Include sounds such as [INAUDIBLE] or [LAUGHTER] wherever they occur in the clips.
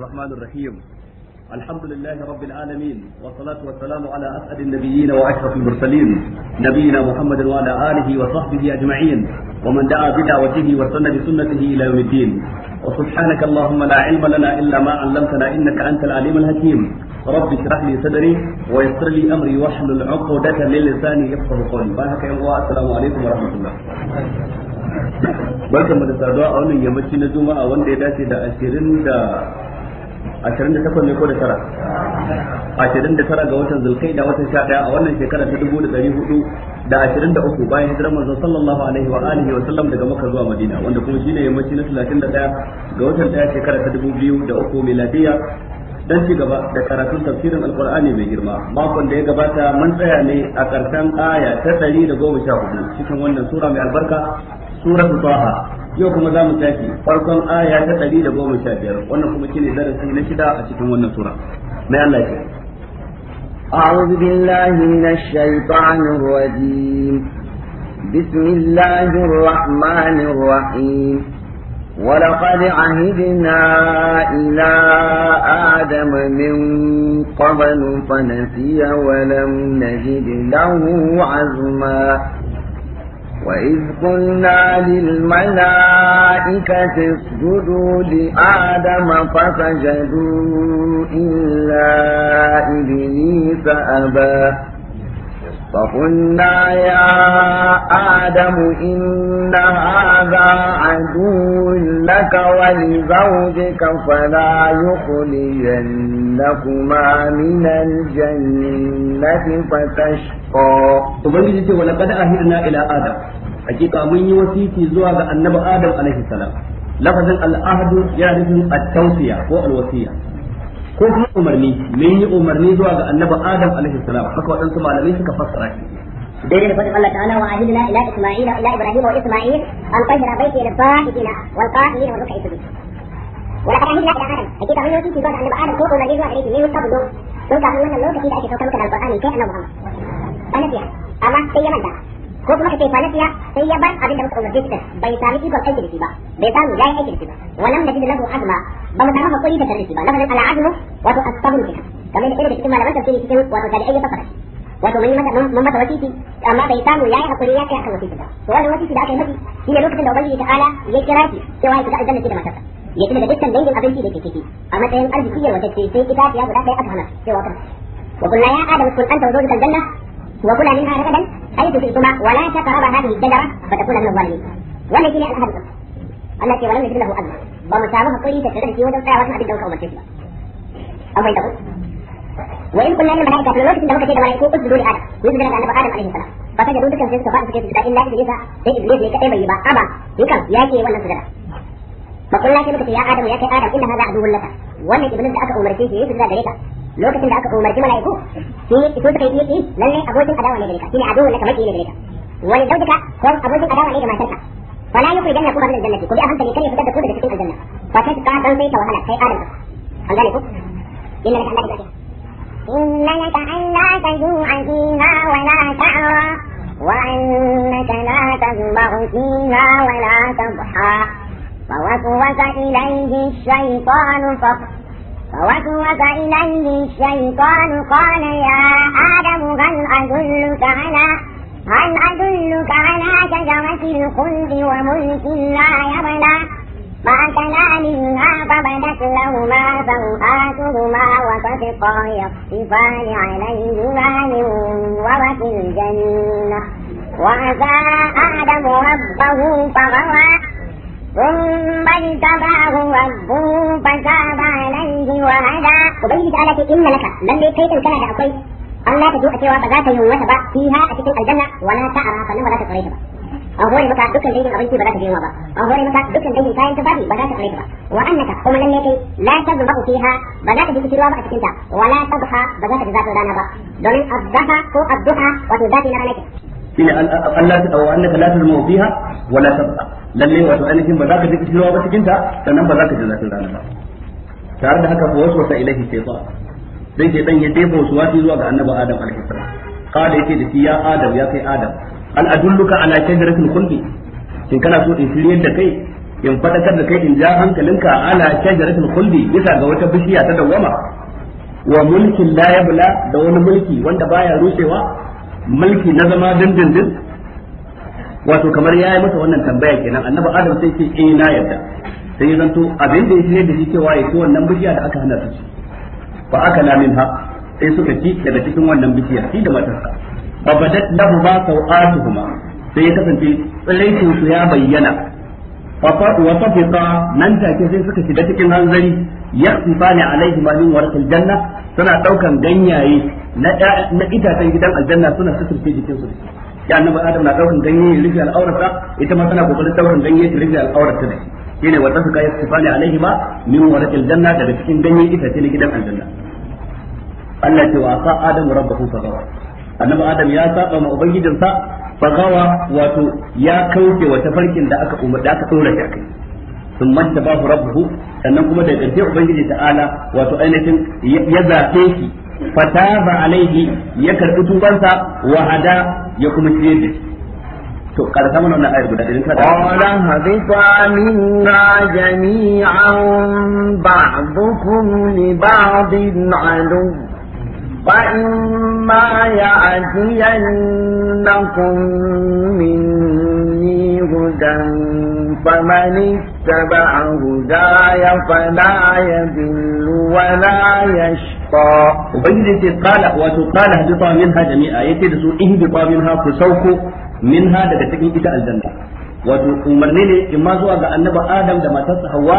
الرحمن الرحيم الحمد لله رب العالمين والصلاة والسلام على أسعد النبيين وأشرف المرسلين نبينا محمد وعلى آله وصحبه أجمعين ومن دعا بدعوته وسن بسنته إلى يوم الدين وسبحانك اللهم لا علم لنا إلا ما علمتنا إنك أنت العليم الحكيم رب اشرح لي صدري ويسر لي أمري واحلل عقدة من لساني يفقه قولي بارك يا السلام عليكم ورحمة الله barkan mu da saduwa a wannan yammaci na juma'a wanda ya dace da ashirin da ashirin da takwas ne ko da tara ashirin da tara ga watan zulkai da watan sha daya a wannan shekara ta dubu da dari hudu da ashirin da uku bayan hijirar manzon sallallahu alaihi wa alihi wa sallam daga maka zuwa madina wanda kuma shine mace na talatin da ɗaya ga watan ɗaya shekara ta dubu biyu da uku miladiya dan ci gaba da karatun tafsirin alqur'ani mai girma makon da ya gabata mun tsaya ne a karshen aya ta ɗari da goma sha hudu cikin wannan sura mai albarka suratul taha yau kuma za mu tashi farkon aya ta ɗari da goma sha biyar wannan kuma shine darasi na shida a cikin wannan sura mai Allah ce أعوذ بالله من الشيطان الرجيم بسم الله الرحمن الرحيم ولقد عهدنا إلى آدم من قبل فنسي ولم نجد له عزماً وإذ قلنا للملائكة اسجدوا لآدم فسجدوا إلا إبليس أبى فقلنا يا آدم إن هذا عدو لك ولزوجك فلا يخرجنكما من الجنة فتشقى وبنجد ولقد أهلنا إلى آدم حقيقة من يوسيتي زواج النبي آدم عليه السلام لفظ الأهد يعني التوصية هو الوصية ko kuma umarni mun yi umarni zuwa ga annabi adam alaihi salam haka waɗansu malamai suka fassara shi دين فضل الله تعالى وعهدنا إلى إسماعيل إلى إبراهيم وإسماعيل أن طهر بيتي للطائفين والقائمين والركع السجود ولقد عهدنا إلى آدم أكيد أقول لكم في بعض أن آدم فوق الذي هو عليه من يستبدو لو تعلمون أنه كثير أشياء كما كان القرآن كأنه محمد أنا فيها أما سيما ko kuma kace falasiya sai ya bar abin da muka umarce shi bai sami ikon aiki da shi ba bai samu yayin aiki da shi ba walam da lahu azma ba mu samu hakuri da shi ba lafazin al'azmu wato asabun kenan kamar da irin cikin malaman tafsiri cikin wato da ayyuka fassara wato mun mata mun mata wasiti amma bai samu yayin hakuri ya kai akan wasiti ba to wannan wasiti da aka yi miki ne lokacin da ubangiji ala ya kira shi cewa ya shiga aljanna da matarsa ya kuma da dukkan dangin abinci da ke ciki a matsayin arziki ya wata ce sai ita ya guda sai aka hana cewa kan wa kullaya adam kun anta wajhuka aljanna وكل منها رغدا حيث شئتما ولا تقرب هذه الشجرة فتكون من الظالمين wannan shine alhadin Allah ce walau yajid lahu azma ba mu samu hakuri da tare da shi wajen tsayawa kan abin da muka umarce shi ba an bai tabo wa in kullana malaika to lokacin da muka ce da malaiku usjudu li adam yuzu da annabi adam alaihi ba ta ga dukkan sai suka ba su ce da illa iblisa sai iblis ne kadai bai yi ba aba yakan wannan sujada ba kullana ce muka ya adam ya kai adam inna lokacin da aka umarci mala'iku su yi sun suka yi yi lalle abokin adawa ne gare ka shine adawa ne kamar ne gare ka wani dauka ko abokin adawa ne ga matarka yi kuri janna kuma min jannati ko bi ne kare fitar da ku daga cikin aljanna fa kai ka dan sai ta wahala kai adam an gane ku inna laka Allah ta'ala inna laka Allah taju'a fiha wa la ta'ra وأنك لا تسمع فيها ولا تضحى فوسوس إليه الشيطان فقال فوسوس إليه الشيطان قال يا آدم هل أدلك على هل أدلك على شجرة الخلد وملك لا يبلى فأكلا منها فبدت لهما سوآتهما وطفقا يخصفان عليهما من ورق الجنة وعزى آدم ربه فغوى ثم اجتباه ربه فتاب عليه وهدى وبين تعالى إن لك لم يكيت كان da akwai Allah ta duka cewa ba za ta yi wata ba fiha a cikin aljanna wala ta'ara sannan ba za ta tsare ta ba an hore maka dukkan dangin abinci ba za ta je ba an hore maka dukkan dangin kayan tufafi ba za ta tsare ta ba wa annaka kuma lalle kai la tazbahu fiha ba za ta ba a cikin ta wala ba za ta ba domin ko adduha wato zafi na shine Allah ta dawo annaka la tazmu fiha wa la tabqa lalle wato ainihin ba za ka ji ba cikin ta sannan ba za ka rana ba tare da haka wasu sai ya wasi zuwa ga annabi Adam alaihi salam kada yake da shi ya Adam ya kai Adam al adulluka ala shajaratil khuldi kana so in shirye da kai in fadakar da kai in ja hankalinka ala shajaratil khuldi bisa ga wata bishiya ta dawama wa mulkin la yabla da wani mulki wanda baya rushewa mulki na zama dindindin wato kamar ya yi masa wannan tambaya kenan annabi adam sai ce eh na yarda sai ya zanto abin da ya shirya da shi cewa ya wannan bishiya da aka hana su ci aka na min ha sai suka ci daga cikin wannan bishiya shi da matarsa fa badat lahu ma sau'atuhuma sai ya kasance tsiraitin su ya bayyana fa wa tafiqa nan take sai suka shiga cikin hanzari sifani alaihi ma min warqil janna suna daukan ganyaye na idatan gidan aljanna suna suturce jikin su ya annabi adam na daukan ganye ya rufe al'aurarsa ita ma tana kokarin daukan ganye ta rufe al'aurarta da shi shine yi tasaka alaihi ma min warqil janna daga cikin ganye itace na gidan aljanna Allah ce wa sa adam rabbahu fagawa annabi adam ya saba ma ubangijinsa gawa wato ya kauce wa tafarkin da aka umar da aka tsora shi akai sun manta ba rabbuhu sannan kuma da ƙarshe ubangiji ta'ala wato ainihin ya zafe shi fataba alaihi ya karbi tubansa wa hada ya kuma ciyar da shi to karka mana wannan ayar guda idan ka da qala haditha minna jami'an ba'dukum li ba'din adu فإما يأتينكم مني هدى فمن اتبع هداي فلا يذل ولا يشقى ubangiji ce qala wato qala min minha jami'a yace da su bi min minha ku sauko minha daga cikin ita aljanna wato umarni ne in ma zuwa ga annabi adam da matarsa hawa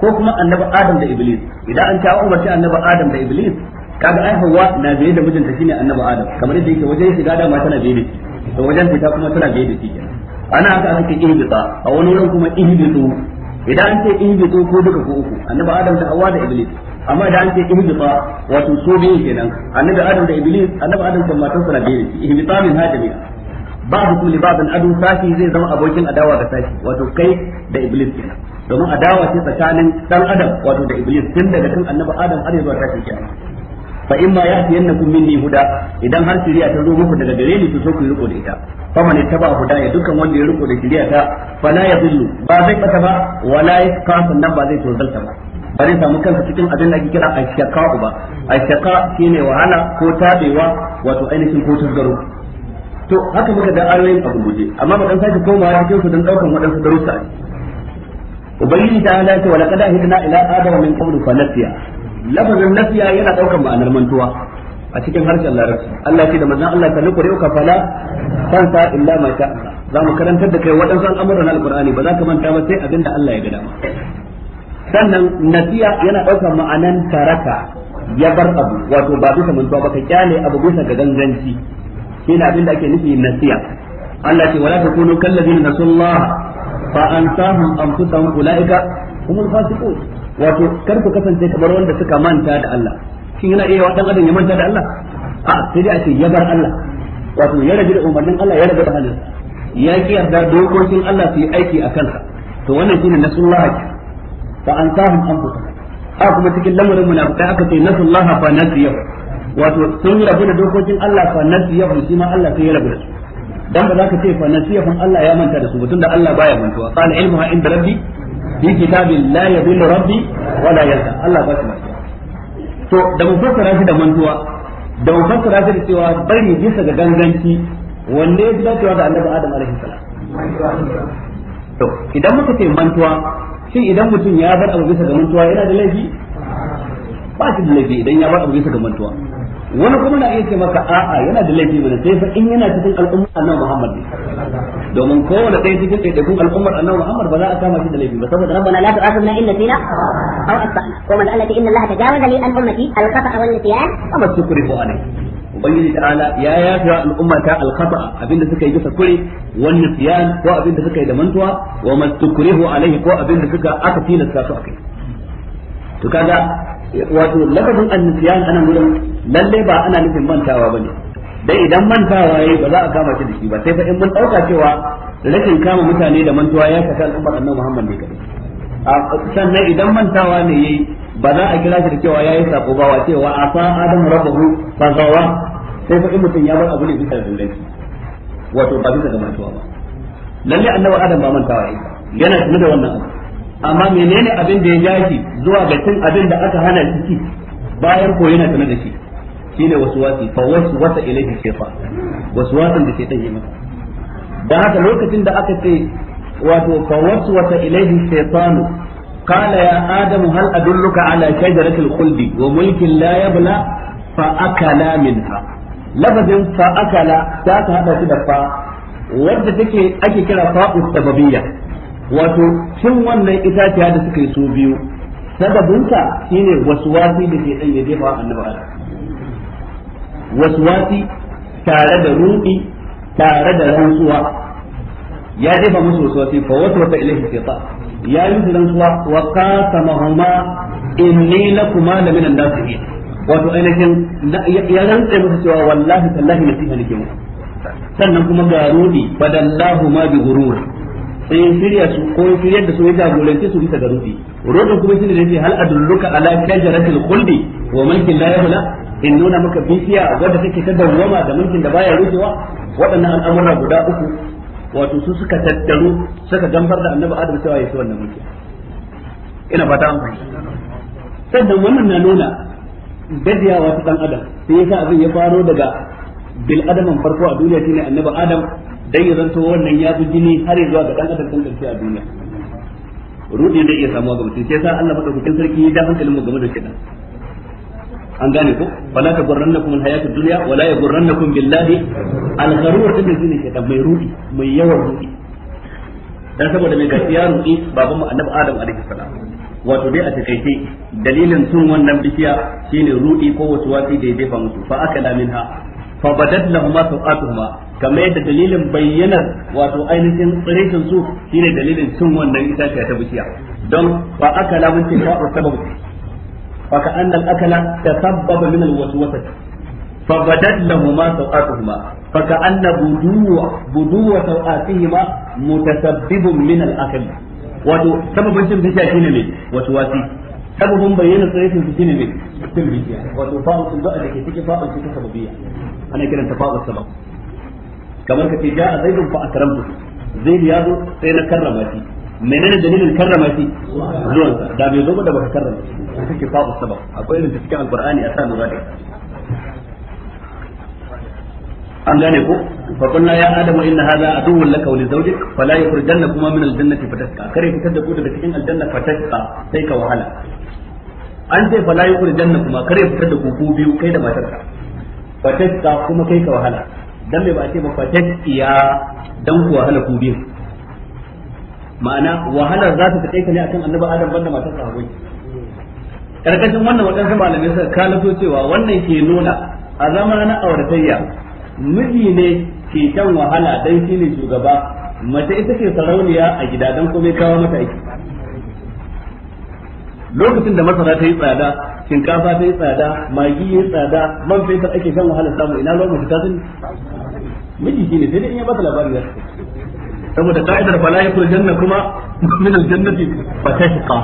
ko kuma annabi adam da iblis idan an ta umarci annabi adam da iblis kaga ai hawa na biye da mijinta shine annabi adam kamar yadda yake wajen shiga dama tana biye da shi to wajen fita kuma tana biye da shi ana haka aka ce ihbita a wani wurin kuma ihbitu idan an ce ihbitu ko duka ko uku annabi adam da hawa da iblis amma da an ce ihbita wato su biyu kenan annabi adam da iblis annabi adam kan matan sa biyu ihbita min hadami ba'du kulli ba'dan adu sashi zai zama abokin adawa ga sashi wato kai da iblis kenan domin adawa ce tsakanin dan adam wato da iblis tun daga tun annabi adam har zuwa tashin kiyama fa in ma yahdiyannakum minni huda idan har shiriya ta zo muku daga gare ni to so ku riko da ita fa man ittaba huda ya dukkan wanda ya riko da shiriya ta fala yadullu ba zai bata ba wala yasqa sannan ba zai tozalta ba ba zai samu kansa cikin abin da ake kira ashaka ba ashaka shine wahala ko tabewa wato ainihin ko tasgaro to haka muka da ayoyin abu guje amma mu dan sake komawa cikin su dan daukan wadansu darussa ubangiji ta ala ta walaqad ahidna ila adama min qablu fa nasiya lafazin nasiya yana daukan ma'anar mantuwa a cikin harshen larabci Allah ce da manzon Allah ta kure ka fala kansa illa ma sha za mu karantar da kai waɗansu al'amuran alqur'ani ba za ka manta ba sai abinda Allah ya ga dama sannan nasiya yana ɗaukar ma'anan taraka ya bar abu wato ba bisa mantuwa ba ka kyale abu bisa ga ganganci shine abin da ake nufi nasiya Allah ce wala takunu kallazina nasullah fa ansahum anfusahum ulaika humul fasiqun wato kar ku kasance kamar wanda suka manta da Allah shin yana iya wa adam ya manta da Allah a sai dai ake ce ya bar Allah wato ya rabu da umarnin Allah ya rabu da halin ya ki yarda dokokin Allah su yi aiki a kansa to wannan shine nasullah fa ansahum anfusahum a kuma cikin lamarin munafikai aka ce nasullaha fa wato sun rabu da dokokin Allah fa nasiyahu shi ma Allah sai ya rabu da su dan ba za ka ce fa Allah ya manta da su mutum da Allah baya mantuwa qala ilmuha inda rabbi fi kitabin la yadhillu rabbi wala yansa Allah ba shi to da mu fassara shi mantuwa da mu fassara shi da cewa bari bisa ga ganganci wanne ya da Adam idan mantuwa shin idan mutum ya bar abu bisa ga mantuwa yana da laifi ba shi da laifi idan ya bar abu bisa ga mantuwa wani kuma na iya ce maka a'a yana da laifi bane sai fa in yana cikin al'ummar annabi Muhammad ne domin kowane ɗaya cikin ɗaiɗaikun al'ummar annabi Muhammad ba za a kama shi da laifi ba saboda rabbana la tu'akhidna in nasina aw akhtana wa man alati inna allaha tajawaza li an ummati al-khata'a wal nisyan wa ma tukrihu alayhi ubangiji ta'ala ya yafi wa al'umma ta al-khata abinda suka yi bisa kure wani siyan ko abinda suka yi da mantuwa wa mastukrihu alaihi ko abinda suka aka tilasta su akai to kaga wato lafazin an-nisyan anan gurin lalle ba ana nufin mantawa bane dai idan mantawa yayi ba za a kama shi da shi ba sai fa in mun dauka cewa rashin kama mutane da mantuwa ya saka al'ummar annabi Muhammad ne kadai sannan idan mantawa ne yayi ba za a kira shi da cewa yayi sako ba wa cewa a sa adam rabbahu fa zawa sai fa mutum ya bar abu ne bisa zallanci wato ba bisa ga mantuwa ba lalle annabi adam ba mantawa yake yana tuna da wannan amma menene abin da ya yaki zuwa ga cin abin da aka hana shi bayan ko yana tuna da shi shine waswasi fa waswasa ilayhi shaytan waswasan da shaytan yi masa Da haka lokacin da aka ce wato fa waswasa ilayhi shaytanu قال يا آدم هل أدلك على شجرة الخلد وملك لا يبلى فأكلا منها لفظ فأكلا ذات هذا كده wadda take ake kira fa'u sababiyya wato cin wannan itaciya da suka yi su biyu sababinsa shine wasi da ke dan ya jefa annabi Wasu wasi tare da ruɗi tare da rantsuwa ya jefa musu waswasi fa waswasa ilaihi shaytan ya yi rantsuwa wa qasamahuma na kuma da minan yi wato ainihin ya rantsa musu cewa wallahi tallahi nasiha nake sannan kuma ga rudi badallahu ma bi gurur sai yin shirya su ko shirya da su ya jagoranci su bisa ga rudi rudi kuma ne da yake hal adulluka ala kajaratil Kulli wa mulkin la hula. in nuna maka bishiya wadda take ta dawwama da mulkin da baya rushewa waɗannan al'amura guda uku wato su suka tattaru suka gambar da annabi adam cewa ya ci wannan mutum ina fata an fahimta sannan wannan na nuna gajiya wata dan adam sai yasa abin ya faro daga bil adaman farko a duniya shine annabi adam dan ya zanto wannan ya bi jini har zuwa ga dan adam kan a duniya rudi da iya samuwa ga mutum sai sa Allah madaukakin sarki ya da hankalin mu game da kidan an gane ko wala ta gurrannakum al hayatud dunya wala yagurrannakum billahi al gharur din zine ke mai ruhi mai yawan ruhi dan saboda mai gaskiya ruhi baban mu annabi adam alaihi salam wato dai a takaice dalilin sun wannan bishiya shine rudi ko wasu wasi da yake ba mutu fa da minha fa badat lahum tuqatuhuma kamar yadda dalilin bayyanar wato ainihin tsirikin su shine dalilin sun wannan itaciya ta bishiya don fa akala min tilka sababu فكأن الأكل تسبب من الوسوسة فبدت لهما سوآتهما فكأن بدو بدو سوآتهما متسبب من الأكل wato sababin cin fitiya shine ne wato wasi sababin bayyana tsirrin su shine ne cin bishiya wato fa'ul sun da'a cikin fa'ul cikin sababiyya ana kiranta fa'ul sabab kamar ka ce ja'a zaidun fa akramtu zaid ya zo sai na karrama shi menene dalilin karrama shi zuwan da bai zo ba da baka karrama shi ita ce sabab akwai irin ta cikin alqur'ani a sa lura an gane ko fa kunna ya adamu inna hadha aduwwun laka wa lizawjik fala yukhrijanna kuma min aljannati fatasqa kare fitar da ku daga cikin aljanna fatasqa sai ka wahala an ce fala yukhrijanna kuma kare fitar da ku ku biyu kai da matarka fatasqa kuma kai ka wahala dan me ba a ce ba fatasqiya dan ku wahala ku biyu ma'ana wahalar za ta kai ka ne akan annabi adam banda matarsa hawaii karkashin wannan waɗansu malamai suka kalato cewa wannan ke nuna a zama na auratayya miji ne ke kan wahala dan shi ne shugaba mace ita ke sarauniya a gida dan komai kawo mata aiki lokacin da masara ta yi tsada shinkafa ta yi tsada magi ya yi tsada man fetur ake shan wahala samu ina lokacin ta sani miji ne sai dai in ya bata labari ya saboda ka'idar fala yakul janna kuma min aljannati fatashqa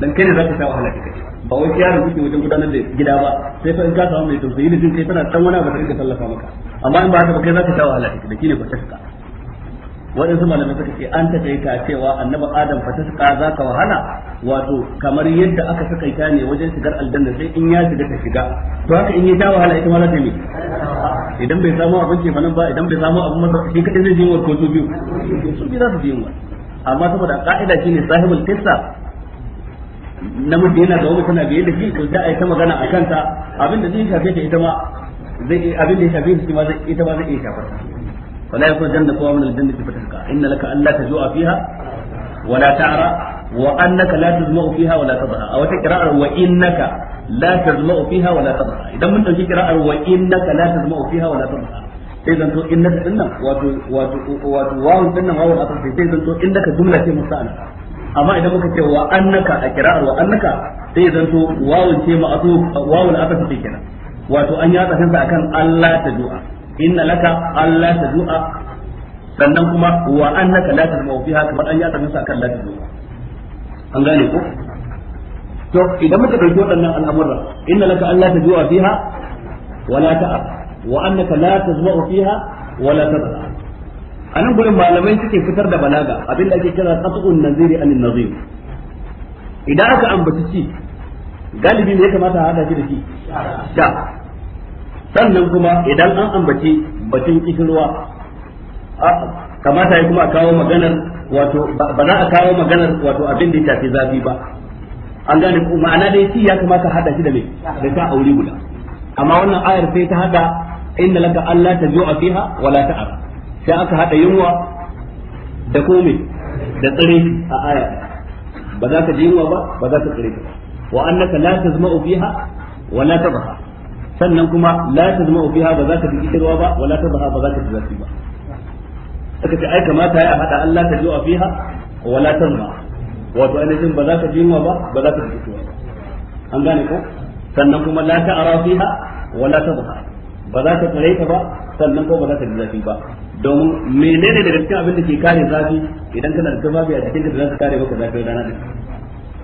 dan kai ne zaka sha wahala kai ba wai yaro kuke wajen gudanar da gida ba sai fa in ka samu mai tausayi da jin kai tana dan wani abu da kake tallafa maka amma in ba haka ba kai zaka sha wahala da kine ba tafka waɗansu malamai suka ce an takaita cewa annabi adam fa ta za ka wahala wato kamar yadda aka ta ne wajen shigar aljanna sai in ya shiga ta shiga to haka in ya ta wahala ita ma za ta yi idan bai samu abin ke fanan ba idan bai samu abin masa shi kadai zai ji wa ko su biyu su biyu za su ji wa amma saboda ka'ida shine sahibul qissa namiji yana da wani tana biyar da shi to za a yi ta magana a kanta abin da zai shafe ta ita ma zai abin da ya shafe shi ma zai ita ma zai iya shafar ta wala yakun janna qawa min al-jannati fatahqa inna laka alla tajua fiha wala ta'ra wa annaka la tazma'u fiha wala tadha aw ta qira'ar wa innaka la tazma'u fiha wala tadha idan mun dauki qira'ar wa innaka la tazma'u fiha wala tadha sai zanto innaka dinnan wato wato wato wawun dinnan wawun akan sai zanto innaka jumla ce musta'ana amma idan muka ce wa annaka a kira'ar wa annaka sai zanto wawun ce ma asu wawun aka ce kenan wato an yatsa kansa akan Allah ta du'a inna laka Allah ta du'a sannan kuma wa annaka la tazmu fiha kamar an yatsa kansa akan la ta du'a an gane ko to idan muka dauki waɗannan al'amuran inna laka Allah ta du'a fiha wala ta'a wa annaka la tazmu fiha wala ta'a a nan gurin malamai suke fitar da balaga abin da ake kira qat'un naziri anin nazir idan aka ambaci ci galibi ne ya kamata a hada shi da shi sha sannan kuma idan an ambaci batun kishirwa kamata ya kuma a kawo maganar wato ba za a kawo maganar wato abin da ya fi zafi ba an gane ko ma'ana dai shi ya kamata a hada shi da me da ta aure guda amma wannan ayar sai ta hada inna laka alla taju'a fiha wala ta'ara sai aka haɗa yunwa da komai da tsare a aya ba za ka ji yunwa ba ba za ka tsare ba wa annaka la tazma'u fiha wa la tabha sannan kuma la tazma'u fiha ba za ka ji kirwa ba wa la tabha ba za ka ji zafi ba aka ce ai kamata ya hada Allah ta zuwa fiha wa la tazma wato ainihin ba za ka ji yunwa ba ba za ka ji kirwa an gane ko sannan kuma la ta'ara fiha wa la tabha ba za ta tsare ta ba sannan ko ba za ta ji zafi ba domin menene daga cikin abin da ke kare zafi idan kana da tufafi a cikin da za ta kare maka zafi rana din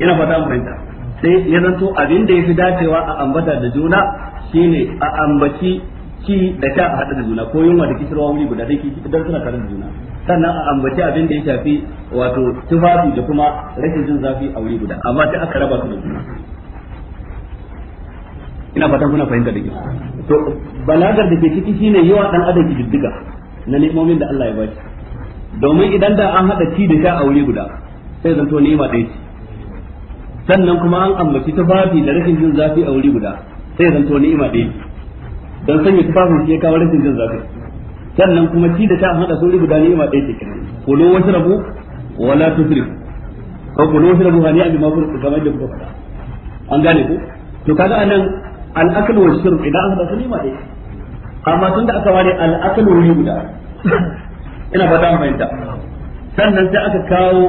ina fata an fahimta sai ya zanto abin da ya fi dacewa a ambata da juna shine a ambaci ki da ta hada da juna ko yunwa da kishirwa wuri guda dai ki idan suna kare da juna sannan a ambaci abin da ya shafi wato tufafi da kuma rashin jin zafi a wuri guda amma sai aka raba su da juna ina fatan kuna fahimta da kyau to balagar da ke ciki shine yawa dan adam kididdiga na nemomin da Allah ya ba shi domin idan da an hada ci da sha a wuri guda sai zanto ni'ima ɗaya ce sannan kuma an ambaci tufafi da rashin jin zafi a wuri guda sai zanto ni'ima ɗaya dan sanya tufafin shi ya kawo rashin jin zafi sannan kuma ci da sha an hada su wuri guda ni'ima ɗaya ce kenan kulu wasu rabu wala tusrifu ko kulu wasu rabu hani a bima kuma kamar da kuka faɗa an gane ku to kaga anan al-akl wa shurb idan aka dauki nima dai amma tun da aka ware al-akl guda [LAUGHS] ina ba ta fahimta sannan sai aka kawo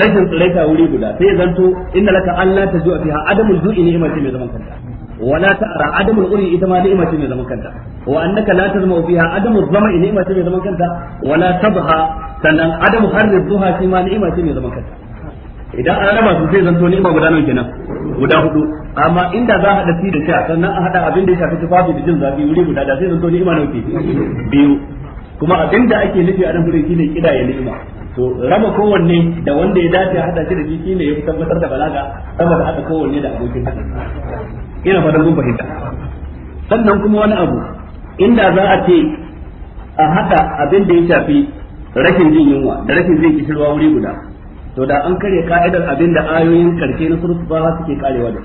rashin tsiraita wuri guda sai ya zanto inna laka Allah ta zuwa fiha adamul zu'i ni'ima ce mai zaman kanta wala ta'ara adamul uri ita ma ni'ima ce mai zaman kanta wa annaka la tazma fiha adamul zama'i ni'ima ce mai zaman kanta wala tabha sannan adamu harri duha shi ma ni'ima ce mai zaman kanta idan an raba su sai zanto ni'ima guda nawa kenan guda hudu amma inda za a hada si da sha sannan a hada abin da ya shafi tufafi da jin zafi wuri guda da sai zanto ni'ima nawa ke biyu kuma abin da ake nufi a nan gurin shine kida ya nima. to raba kowanne da wanda ya dace a hada shi da shi shine ya fi tabbatar da balaga saboda hada kowanne da abokin haka ina fatan kun fahimta sannan kuma wani abu inda za a ce a hada abin da ya shafi rashin jin yunwa da rashin jin kishirwa wuri guda to da an karya ka'idar abin da ayoyin karshe na surutu ba suke karewa da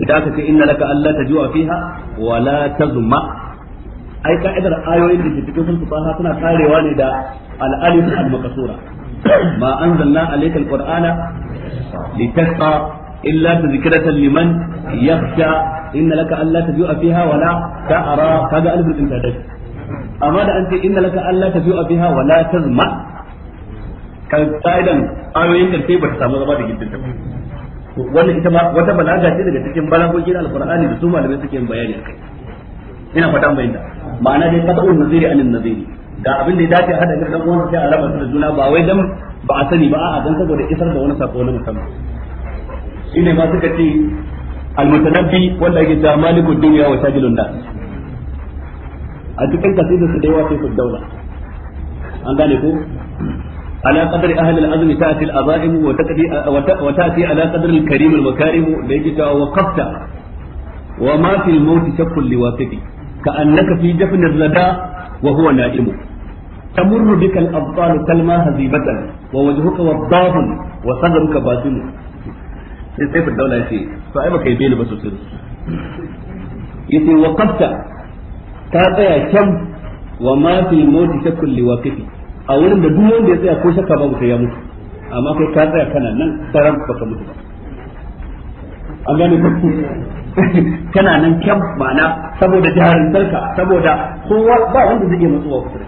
idan aka ce inna laka Allah ta ju'a fiha wa la tazma ai ka'idar ayoyin da cikin surutu ba suna karewa ne da al-alif al-makasura ma anzalna alayka al-qur'ana litasqa illa tadhkiratan liman yakhsha inna laka Allah ta ju'a fiha wa la ta'ra kaga alif al-intadad amma da an ce inna laka Allah ta ju'a fiha wa la tazma kan ka'idan ayoyin da sai ba ta samu zama da gidan ta wannan ita ma wata balaga ce daga cikin balagogi na alqur'ani da su malamai suke yin bayani akai ina fata mai da ma'ana dai qat'un naziri anin naziri da abin da ya dace a hada da dan uwan sai a raba da juna ba wai dan ba a sani ba a dan saboda isar da wani sako na musamman shine ma suka ce almutanabbi wanda yake da maliku dunya wa sajilun nas a cikin kasidar su da yawa sai su daula an gane ko على قدر أهل العزم تأتي العظائم وتأتي على قدر الكريم المكارم ليجد وقفت وما في الموت شك لواقفي كأنك في جفن الردى وهو نائم تمر بك الأبطال تلمى هزيبة ووجهك وضاح وصدرك باطن sai sai firdauna ya ce to ai baka yi beli ba sosai yace waqafta ta tsaya kyan wa ma fi mawti shakkun liwaqifi a wurin da duk wanda ya tsaya ko shakka babu sai ya mutu amma kai ka tsaya kana nan tsaran baka mutu ba an gane ku [LAUGHS] kana nan kyan ma'ana saboda jaharin sarka saboda kowa ba wanda zai iya matsuwa kusa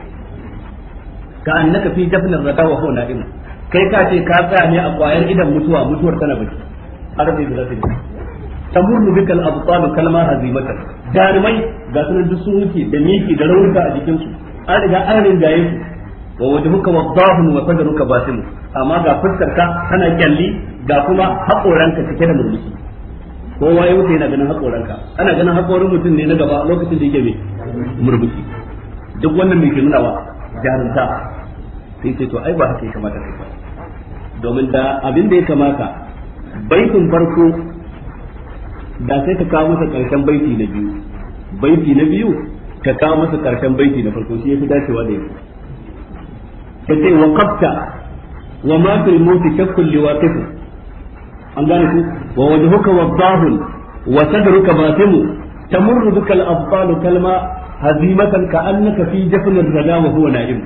ka annaka fi jafnar zata wa na ina kai ka ce ka tsaya ne a kwayar idan mutuwa mutuwar tana baki arabi da zata tamur mu al-abtal kalma hazimata jarumai ga sunan duk sun wuce da miki da raunuka a jikinsu an riga an rinjaye su wa wajhuka wadahun wa sadruka basimu amma ga fuskarka tana kyalli ga kuma hakoranka cike da murmushi kowa ya wuce yana ganin haƙoranka? ana ganin hakorin mutum ne na gaba lokacin da yake mai murmushi duk wannan mai ke nuna wa jarumta sai ce to ai ba haka ya kamata kai ba domin da abin da ya kamata baitin farko da sai ka kawo masa karshen baiti na biyu baiti na biyu ka kawo masa karshen baiti na farko shi ya fi dacewa da yanzu yace waqafta wa ma fil mawt shakkun liwaqif an gane ku wa wajhuka wadahun wa sadruka batimu tamurru bika al-afdal kalma hazimatan ka annaka fi jafn ar-rada wa huwa na'im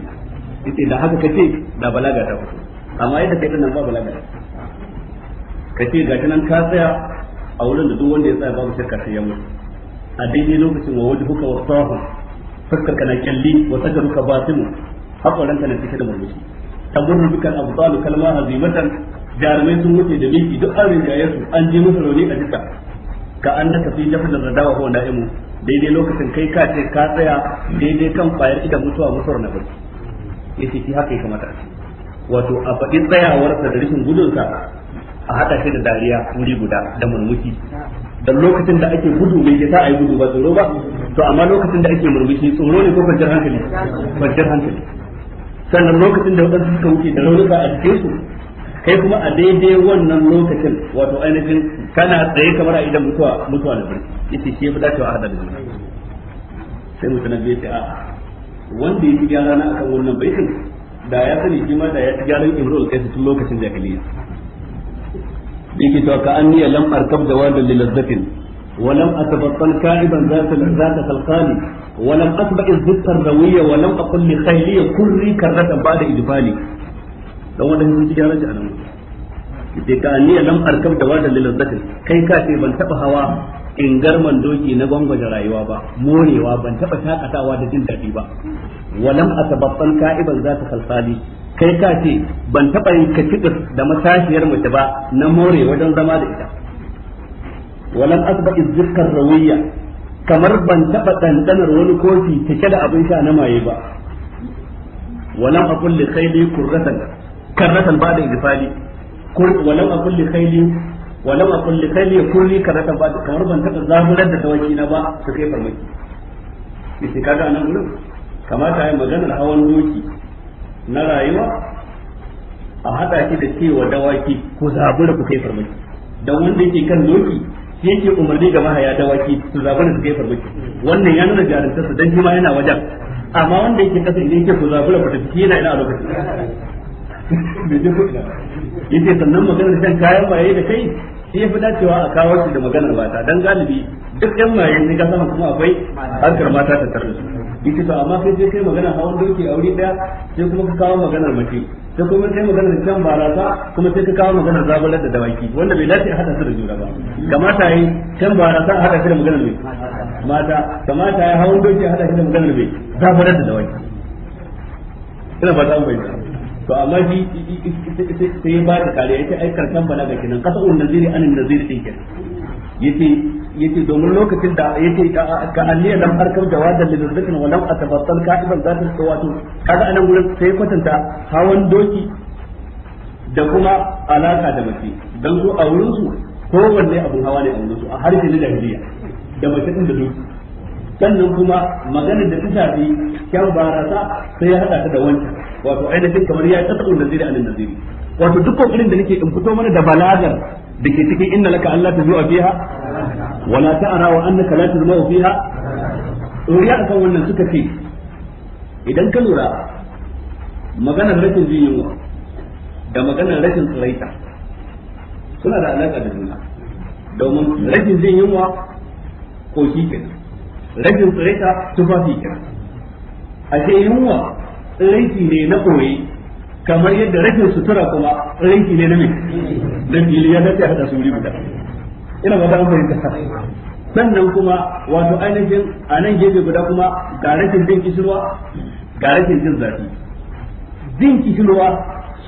yace da haka kace da balaga ta fito amma yadda kai nan ba balaga kace ga nan ka tsaya a wurin da duk wanda ya tsaya babu shakka sai ya mutu a daidai lokacin wa wajhuka wadahun fakkar kana kalli wa sadruka batimu hakoran ta ne take da murmushi taburru bikan abdalu kalma hazimatan jarumai sun wuce da miki duk an rinjaye yasu an ji musu rauni a jika ka an da tafi jafin radawa ko na'imu daidai lokacin kai ka ce ka tsaya daidai kan kwayar idan mutuwa mutuwar na barci yace shi haka ya kamata a ce wato a faɗi tsayawar da rashin gudunsa a haɗa shi da dariya wuri guda da murmushi da lokacin da ake gudu mai yasa a yi gudu ba tsoro ba to amma lokacin da ake murmushi tsoro ne ko kwanciyar hankali kwanciyar hankali sannan lokacin da waɗansu suka wuce da raunuka a cikin su kai kuma a daidai wannan lokacin wato ainihin kana tsaye kamar a idan mutuwa mutuwa da birni yace shi yafi dacewa a hada da juna sai mutum bai ce a'a wanda ya ci gyara na akan wannan baitin da ya sani shi ma da ya ci gyaran imrul kai tun lokacin jahiliya yake to ka anni lam arkab da wadal lil lazzatin wa lam atabattal ka'iban zata zata salqani ولم أسبق الزبت الروية ولم أقل لخيلية كري كرة بعد إجبالي لو أنا هنسي جارة أنا da ka ni lam arkab da wadan lilazzatin kai ka ce ban taba hawa in garman doki na gwangwaje rayuwa ba morewa ban taba shakatawa da jin daɗi ba walam asabaffan ka'iban zata kalsali kai ka ce ban taba yin kacikas da matashiyar mace ba na more wajen zama da ita walam asba izzikar rawiya kamar ban taɓa ɗanɗanar wani kofi cike da abin sha na maye ba walam a kulli khayli kurratan karratan ba da igfali walam a kulli khayli walam a kulli khayli kurri karratan ba kamar ban taɓa zaburar da tawaki na ba su kai farmaki bisa kaga anan gurin kamata yi maganar hawan doki na rayuwa a haɗa shi da cewa dawaki ko zabura ku kai farmaki don wanda yake kan doki yake umarni ga mahaya dawaki su zabi da su kai farmaki wannan ya nuna jarumtar su don shi ma yana wajen amma wanda yake kasa idan yake ku zabi da ku yana ina a lokacin bai sannan maganar shan kayan maye da kai shi ya fi dacewa a kawo shi da maganar mata dan galibi duk yan mayan ne ga sama kuma akwai harkar mata ta yake to amma kai sai kai magana hawan doki a wuri daya sai kuma ka kawo maganar mace sai kuma kai maganar can barasa kuma sai ka kawo maganar zabalar da dawaki wanda bai dace a hada su da juna ba kamata yi can barasa a hada shi da maganar mai mata kamata yi hawan doki a hada shi da maganar mai zabalar da dawaki ina ba ta mu bayyana to amma shi sai ba ta kare ita aikar kan bana ga kinan kasa wannan naziri anin naziri din kenan yace yace domin lokacin da yace ka anniya lam arkam jawadan lil rizqin wa lam atabattal ka'iban zatul sawatu kaga anan gurin sai kwatanta hawan doki da kuma alaka da mace dan su a wurin su wanne abun hawa ne a wurin su a harshe na jahiliya da mace din da doki sannan kuma maganar da ta shafi kyan barasa sai ya hada ta da wancan wato ainihin kamar ya tsatsa naziri anan naziri wato duk kokarin da nake in fito mana da balagar dake cikin inna laka Allah ta zuwa fiha wala ta'ara wa annaka la tazma fiha riya akan wannan suka ce idan ka lura maganar rashin jin yunwa da maganar rashin tsiraita suna da alaka da juna domin rashin jin yunwa ko shi kenan rashin tsiraita tufafi kenan ashe yunwa tsiraiti ne na koyi kamar yadda rage sutura kuma rinki ne na mai da fili ya dace hada su riba guda ina ba ta an fahimta sannan kuma wato ainihin a nan gefe guda kuma ga rashin jin kishirwa ga rashin jin zafi jin kishirwa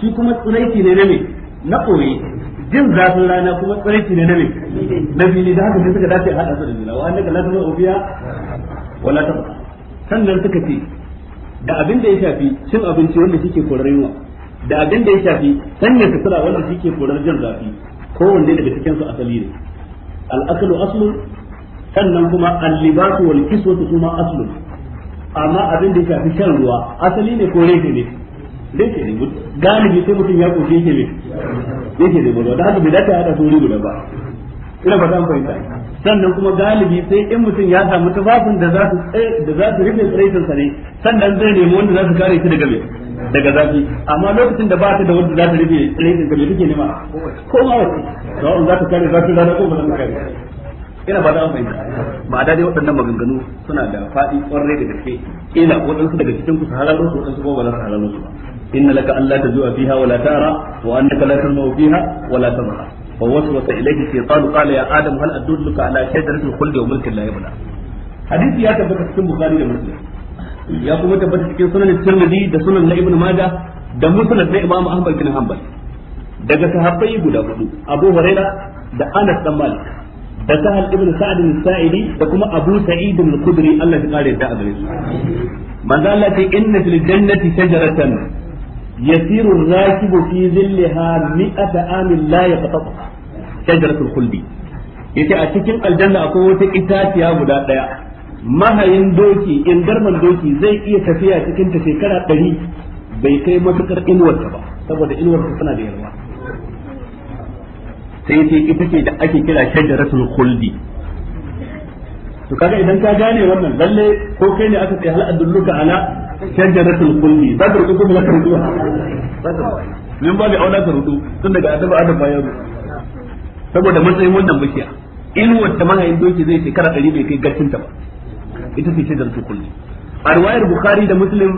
shi kuma tsiraiki ne na mai na koyi jin zafin rana kuma tsiraiki ne na mai na fili da haka sai suka dace a hada su da juna wa annaka la tazuru biya wala tabqa sannan suka ce da abin da ya shafi cin abinci wanda shi ke korar yunwa da abin da ya shafi sanya sutura wanda shi ke korar jin zafi kowanne daga cikin su asali ne al'akalu aslun sannan kuma al-libasu wal kiswatu kuma aslun amma abin da ya shafi shan ruwa asali ne ko refe ne refe ne galibi sai mutum ya koke yake ne yake ne da haka bai dace a hada su wuri guda ba ina ba ta fahimta sannan kuma galibi sai in mutum ya samu tufafin da za su da za su rufe tsiraitinsa ne sannan zai nemi wanda za su kare shi daga me daga zafi amma lokacin da ba ta da wanda za ta rufe tsiraitinsa me take nema ko ma wace to za ta kare zafi rana ko ba za ta kare ina ba da amfani ba da dai waɗannan maganganu suna da faɗi ƙwarai da gaske ina waɗansu daga cikin ku su halalo su waɗansu kuma ba za su halalo su ba inna laka an la tajua fiha wa la tara wa annaka la tasma'u fiha wa la tamra فوسوس إليه الشيطان قال يا آدم هل أدلك على شجرة الخلد وملك لا يبلى حديث يا تبت في البخاري ومسلم يا كما تبت في سنن الترمذي ده سنن ابن ماجه ده مسند امام احمد بن حنبل daga sahabbai guda hudu Abu Huraira da Anas dan da Sahal ibn Sa'd al-Sa'idi da kuma Abu Sa'id al-Khudri Allah ya kare da a su manzo Allah ya ce inna fil jannati shajaratan يسير الراكب في ظلها مئة عام لا يقطعها شجرة الخلد yace a cikin aljanna akwai wata itaciya guda daya mahayin doki in garman doki zai iya tafiya cikin ta shekara ɗari bai kai matukar inuwarta ba saboda inuwarta tana da yarwa sai yace ita ce da ake kira shajaratul khuldi to kaga idan ka gane wannan lalle ko kai ne aka ce hal adulluka ala shajaratul qulbi badr ukum la kuma min ba da aula ka tun daga adaba adaba yaro saboda matsayin wannan bishiya in wata mahayin doki zai shekara ɗari bai kai garcin ta ba ita ce shajaratul qulbi arwayar bukhari da muslim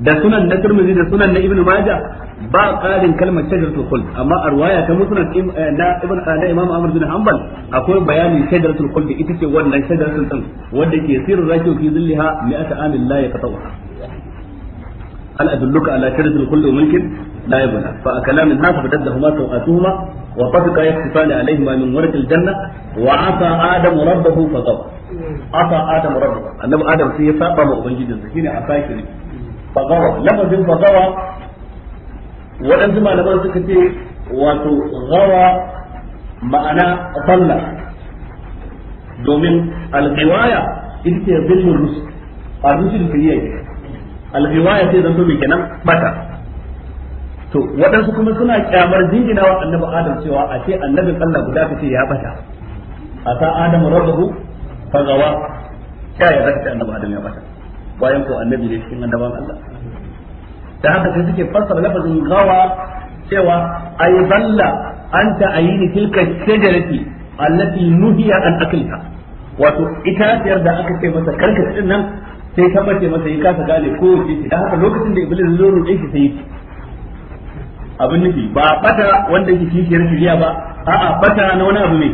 da sunan na Tirmidhi da sunan na Ibn Majah ba ƙarin kalmar shajaratul khuld amma a riwaya ta musnad eh, na Ibn eh, na Imam Ahmad bin Hanbal akwai bayanin shajaratul khuld ita ce wannan shajaratul din wanda ke sirrin rakiyu fi zillaha mi'ata amin la yaqta'uha هل أدلك على شجرة الخلد وملك لا يبلى فأكلا منها فبدتهما سوآتهما وطفقا يخصفان عليهما من ورق الجنة وعصى آدم ربه فطوى عصى Adam ربه أنه آدم سيساقا مؤمن جدا سكيني عصى ne. bagawa lafazin bagawa waɗansu malaman suka ce wato gawa ma'ana falla domin alƙiwaya ita ce zillin rus a rusul fiye alƙiwaya ce zanto mai kenan bata to waɗansu kuma suna kyamar jingina wa annabi adam cewa a ce annabin allah guda ta ce ya bata a sa adam rabbahu fa gawa ya ya zaka ce annabi adam ya bata bayan ko annabi ne cikin annaban Allah da haka sai suke fassara lafazin gawa cewa ay balla anta ayini tilka shajarati allati nuhiya an akilta wato itaciyar da aka ce masa karka din nan sai ta bace masa yi kasa gane ko shi da haka lokacin da iblis zo roƙe shi sai abin nufi ba bata wanda yake kishiyar shirya ba a'a bata na wani abu ne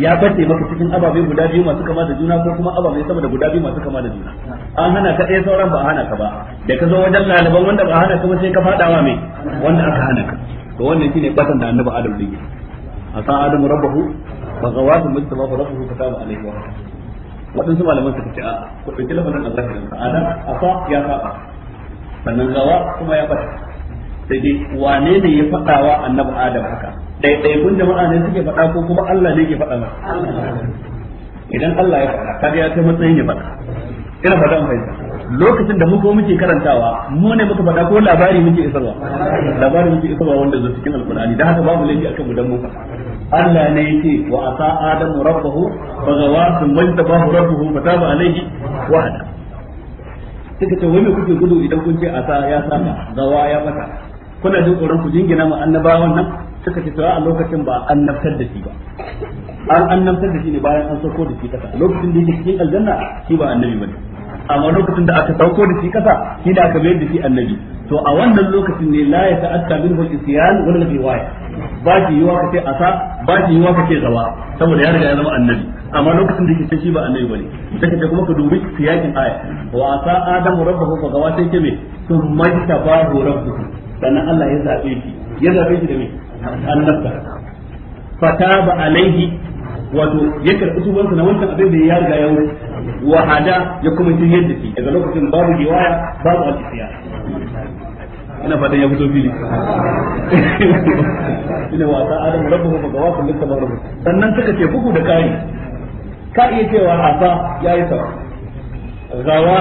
ya bace maka cikin ababe guda biyu masu kama da juna ko kuma ababe sama da guda biyu masu kama da juna an hana ka ɗaya sauran ba a hana ka ba da ka zo wajen laliban wanda ba a hana kuma sai ka wa mai wanda aka hana ka to wannan shine batan da annabi adam ne san adamu rabbahu fa gawatu mustafa fa rabbahu fa taba alaihi wa Waɗansu malaman suka ce a ko ɗauki lafazin Allah ya sa adam fa ya saba sannan gawa kuma ya bata sai dai wane ne ya faɗawa annabi adam haka ɗaiɗaikun jama'a ne suke faɗa ko kuma Allah ne ke faɗa ma. idan Allah ya faɗa kaga ya kai matsayin ya faɗa ina faɗa mai lokacin da muka muke karantawa mu ne muka faɗa ko labari muke isarwa labari muke isarwa wanda zai cikin alkur'ani da haka babu laifi akan mu dan Allah ne yake wa asa adamu rabbahu fa gawa sun majtabahu rabbuhu fa taba alayhi wa hada suka ce wai me kuke gudu idan kun ce asa ya sama gawa ya mata kuna jin tsoron ku jingina mu annabawan nan suka ce tawa a lokacin ba an naftar da shi ba an an naftar da shi ne bayan an sauko da shi kasa lokacin da yake cikin aljanna shi ba annabi bane amma lokacin da aka sauko da shi kasa shi da aka mayar da shi annabi to a wannan lokacin ne la ya ta'atta minhu al-isyan wala riwaya ba shi yiwa kace asa ba shi yiwa kace zawa saboda ya riga ya zama annabi amma lokacin da yake shi ba annabi bane take ta kuma ka dubi siyakin aya wa asa adam rabbahu fa gawa sai ke me thumma tabahu rabbuhu sannan Allah ya zabe shi ya zabe shi da me annabta fataba alaihi wato ya karɓi tubansa na wancan abin da ya riga ya wuce wahada ya kuma tun yadda shi daga lokacin babu riwaya babu alisiya ina fatan ya fito fili ina wasa adam rabbuhu fa gawafin lissa ba rabbuhu sannan suka ce bugu da kai ka iya cewa asa ya yi gawa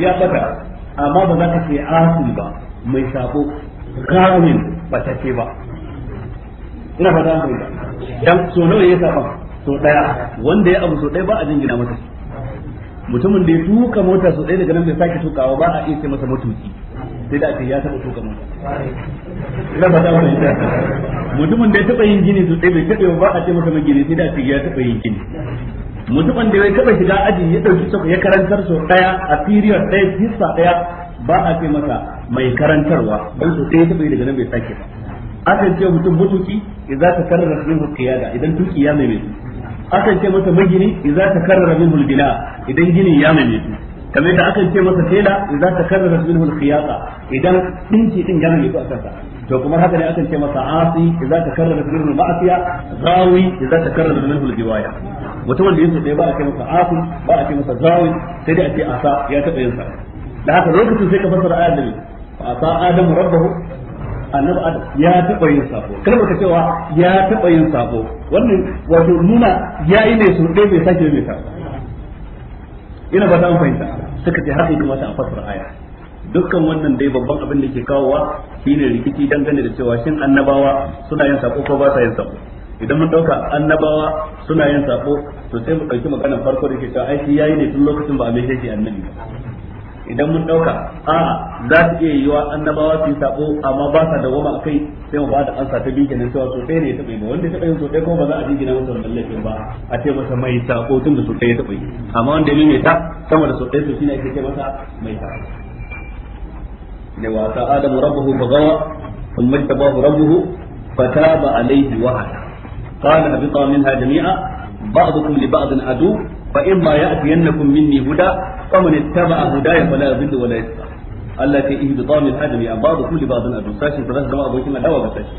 ya fata amma ba za ka ce asu ba mai sabo gawin ba ta ce ba ina fata mu yi dan so nawa ya saba so daya wanda ya abu so daya ba a jingina masa mutumin da ya tuka mota so daya daga nan bai sake tukawa ba a iya sai masa matuki sai da ake ya taba tuka mota ina fata mu yi mutumin da ya taba yin gini so daya bai taba ba a ce masa gini. sai da ake ya taba yin gini mutumin da ya taba shiga aji ya dauki ya karantar so daya a period daya hissa daya ba a ce masa mai karantarwa don so daya taba daga nan bai sake ba akan ce mutum mutuki idza takarrara idan tuki ya mai akan ce masa magini idan gini ya mai kamar tela idza takarrara minhu alkhiyata idan dinki din ya mai to kuma haka ne masa asi idza takarrara minhu ma'asiya zawi mutumin da yake da ba a kai masa asi ba a kai masa zawi sai dai asa ya da haka lokacin sai ka da asa adamu annabi adam ya taba yin sabo kalmar ka cewa ya taba yin sabo wannan wato nuna yayi ne su dai bai sake bai ta ina ba ta an fahimta suka ce haka kuma a fasara aya dukkan wannan dai babban abin da ke kawowa shine rikici dangane da cewa shin annabawa suna yin sabo ko ba sa yin sabo idan mun dauka annabawa suna yin sabo to sai mu dauki maganar farko da ke cewa ai yayi ne tun lokacin ba a mai shi annabi ba idan mun dauka a za su iya yiwa annabawa su yi sabo amma ba sa dawoma a kai sai mu ba da ansa ta biyu kenan cewa so ɗaya ne ya taɓa yi ba wanda ya taɓa yin so ɗaya kuma ba za a jingina masa wannan laifin ba a ce masa mai sabo tun da so ɗaya ya taɓa yi amma wanda ya maimaita sama da so ɗaya to shine ake ce masa mai sabo ne wa sa adamu rabbuhu fagawa ثم اجتباه ربه فتاب عليه وهدى قال اهبطا منها جميعا بعضكم لبعض عدو fa in ma ya'tiyannakum minni huda faman ittaba'a hudaya fala yadhillu wala yashqa Allah ta ihdi dhamil adami da ba'd ba zan adu sashi ba zan zama abokin adawa ba sashi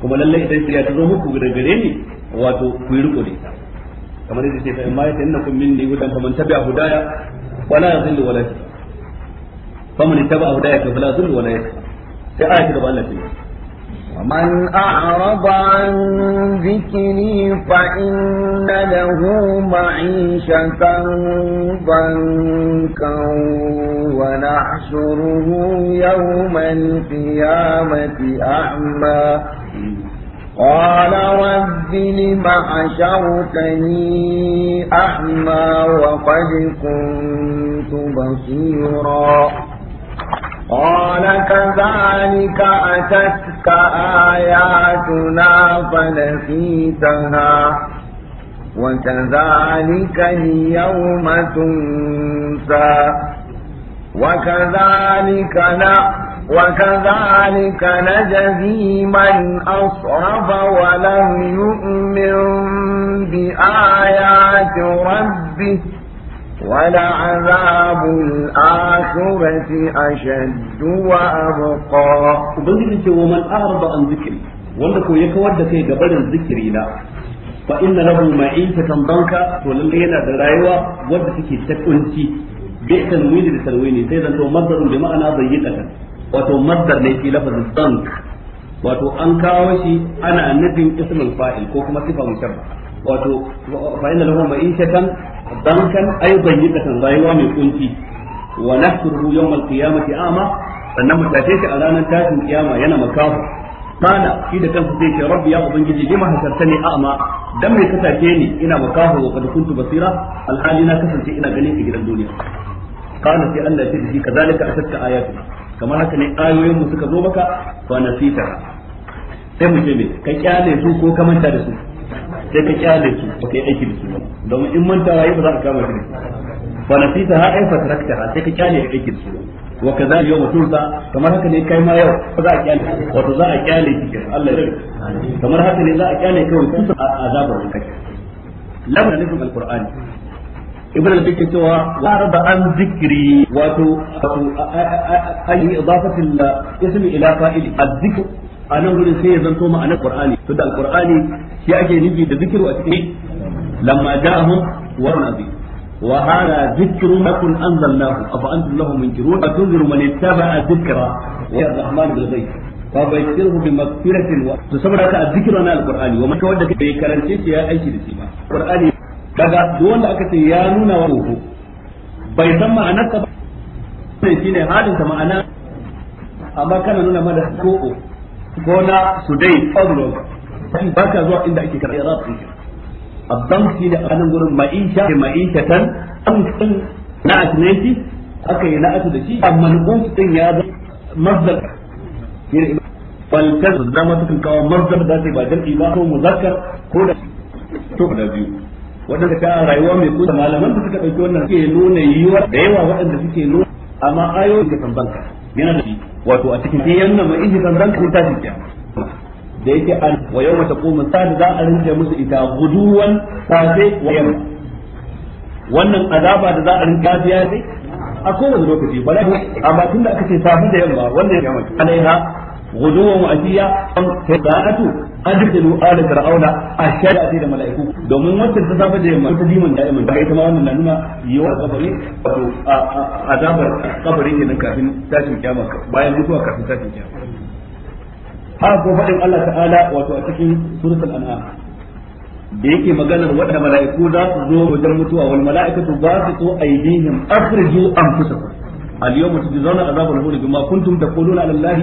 kuma lallai idan shirya ta zo muku da gare ni wato ku yi riko da ita kamar yadda ce fa in ma ya'tiyannakum minni huda faman tabi'a hudaya wala ya yadhillu wala yashqa faman ittaba'a hudaya fala yadhillu wala yashqa sai ayatu da Allah ta yi. ومن أعرض عن ذكري فإن له معيشة ضنكا ونحشره يوم القيامة أعمى قال رب لم حشرتني أعمى وقد كنت بصيرا قال كذلك أتتك آياتنا فنسيتها وكذلك اليوم تنسى وكذلك لا وكذلك نجزي من أصرف ولم يؤمن بآيات ربه ولعذاب الآخرة أشد وأبقى وبنجد ومن أعرض عن ذكري wanda ko ya kawar da kai gabarin zikiri na fa inna lahu ma'isatan danka to lalle yana da rayuwa wanda take ta kunci bi tanwini da tanwini sai zan to mazdarun bi ma'ana bayyatan wato mazdar ne an kawo shi ana nufin ismul ko kuma sifa mushabbaha wato fa inna lahu ma'ishatan dankan ay dayyikatan rayuwa mai kunci wa nahshuruhu yawm al-qiyamati a'ma sannan mu tace shi a ranar tashin kiyama yana makafu kana shi da kansa sai ce rabbi ya ubangiji lima hasartani a'ma dan mai kasace ni ina makafu wa qad kuntu basira alhali na kasance ina ganin a gidan duniya kana sai Allah ya ce kazalika atatka ayatuna kamar haka ne ayoyin mu suka zo maka fa nasita sai mu ce me ka kyale su ko ka manta da su sai ka kyale su ba kai aiki da su ba domin in mantawa yi ba za a kama shi fa nasita ha ai fatrakta sai ka kyale aiki da su wa kaza yau turta kamar haka ne kai ma yau ba za a kyale wato za a kyale shi Allah ya rike kamar haka ne za a kyale kawai a azabar kai lamar nufin alqur'ani ibn al-bikki cewa wa raba an zikri wato ayi idafati ismi ila fa'ili az-zikr anan gurin sai ya zanto ma'anar qur'ani to da al-qur'ani shi ake nufi da zikiru a cikin lamma ja'ahum wa nabi wa hada zikru lakum anzalnahu afa antum lahu munkirun atunziru man ittaba'a dhikra wa ar-rahman bil ghaib fa bashirhu bi maghfiratin wa to ka zikru na alqur'ani wa maka wanda bai karance shi ya aiki da shi ba qur'ani kaga wanda aka ce ya nuna wa ruhu bai san ma'anar ka ba shine halin ta ma'ana amma kana nuna mana ko ko na sudai fadlo ba ka zuwa inda ake karɓar iraq ɗin shi da anan gurin ma'isha da ma'ishatan amsan na asnati aka yi na'atu da shi amma nufin din ya zama mazdar falkar da zama sukan kawo mazdar da ta ba jam'i ba ko muzakkar ko da to da biyu waɗanda ta rayuwa mai kusa malaman da suka ɗauki wannan suke nuna yiwuwar da yawa waɗanda suke nuna amma ayoyin da kan banka yana da wato a cikin yannan mai ihi kan banka ko ta shi da yake an wa yawma taqumu sa'at za a rinje musu ita guduwan safe wa yamma wannan azaba da za a rinka biya dai a kowane lokaci ba amma tun da aka ce safe da yamma wannan ya mace alaiha guduwan wa'adiyya an sa'atu adkhilu ala fir'auna ashada da mala'iku domin wannan ta safe da yamma ta liman da'iman da ita ma wannan na nuna yawa kabari wato azabar kabari kenan kafin tashin kiyama bayan mutuwa kafin tashin kiyama har faɗin Allah ta'ala wato a cikin suratul an'am da yake maganar wadda mala'iku za su zo wajen mutuwa wal mala'ikatu basitu aydihim akhriju anfusakum al-yawma tujzauna azabal huri bima kuntum taquluna 'ala Allah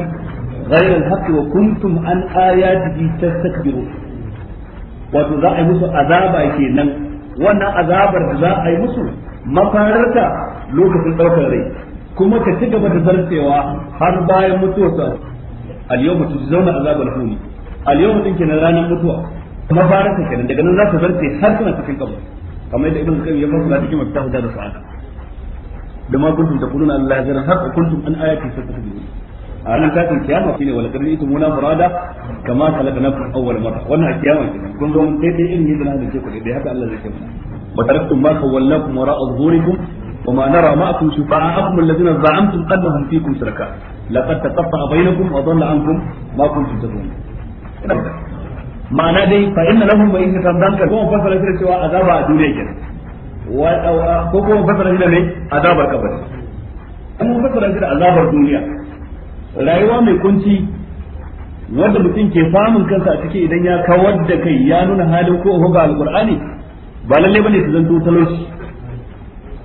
ghayra al-haqqi wa kuntum an ayatihi tastakbirun wato za a yi musu azaba kenan wannan azabar da za a yi musu mafararta lokacin daukar rai kuma ka ci gaba da zartewa har bayan mutuwa al-yawma tujzauna azabal huni al-yawma din kenan ranar mutuwa mabaraka kenan daga nan za ka zarce har kana cikin kabari kamar yadda ibn qayyim ya fassara cikin maftahu da sa'ada da ma kuntum taquluna allahi ghayra haqq kuntum an ayati sattasbihun a nan tashin kiyama shine wala kadri itum muna murada kama khalaqnakum awwal marra wannan a kiyama kenan kun zo mun daidai irin yadda na Allah zai ce mana wa taraktum ma وما نرى معكم شفعاءكم الذين زعمتم انهم فيكم شركاء laqad taqatta bainakum wa dhalla ankum ma kuntum tadun ma'ana dai fa inna lahum wa inna tadanka ko fa shi cewa azaba a duniya kenan wa ko ko fasara shi ne azabar kabari an fa shi da azabar duniya rayuwa mai kunci wanda mutum ke samun kansa a ciki idan ya kawar da kai ya nuna halin ko ga alqur'ani ba lalle bane su zanto talauci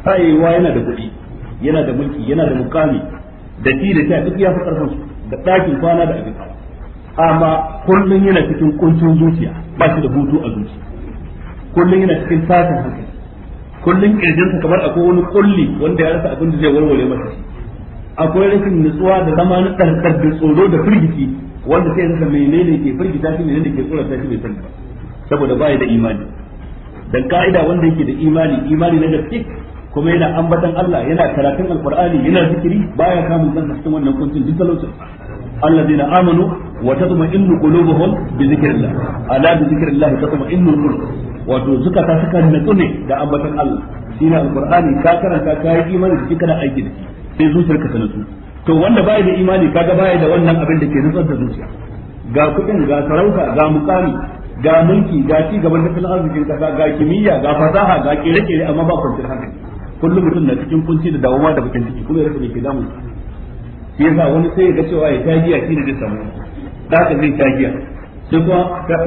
sai wa yana da kuɗi yana da mulki yana da mukami da ti da sha duk ya fi karfin su da ɗakin kwana da abin amma kullum yana cikin kuncin zuciya ba shi da hutu a zuciya kullum yana cikin tasin hankali kullum kirjinsa kamar akwai wani kulli wanda ya rasa abin da zai warware masa akwai rashin nutsuwa da zama na karkar da tsoro da firgici wanda sai rasa menene ke firgita shi menene ke tsorata shi bai sani ba saboda ba da imani dan ka'ida wanda yake da imani imani na gaske kuma yana ambatan Allah yana karatun alqur'ani yana zikiri baya kamun kansa cikin wannan kuncin duk talaucin الذين امنوا وتطمئن قلوبهم بذكر الله الا بذكر الله تطمئن القلوب wato suka ta suka natsu ne da ambatan Allah shine alqur'ani ka karanta ka yi imani cikin kika da aiki da sai zuciyarka ta natsu to wanda baya da imani kaga baya da wannan abin da ke nutsar da zuciya ga kudin ga sarauta ga mukami ga mulki ga ci gaban tattalin arzikin kasa ga kimiyya ga fasaha ga kere-kere amma ba kwanciyar hankali kullum mutum na cikin kunci da dawoma da bakin ciki kuma ya rasa ke damu shi yasa wani sai ya ga cewa ya tagiya shi ne zai samu haka zai tagiya shi kuma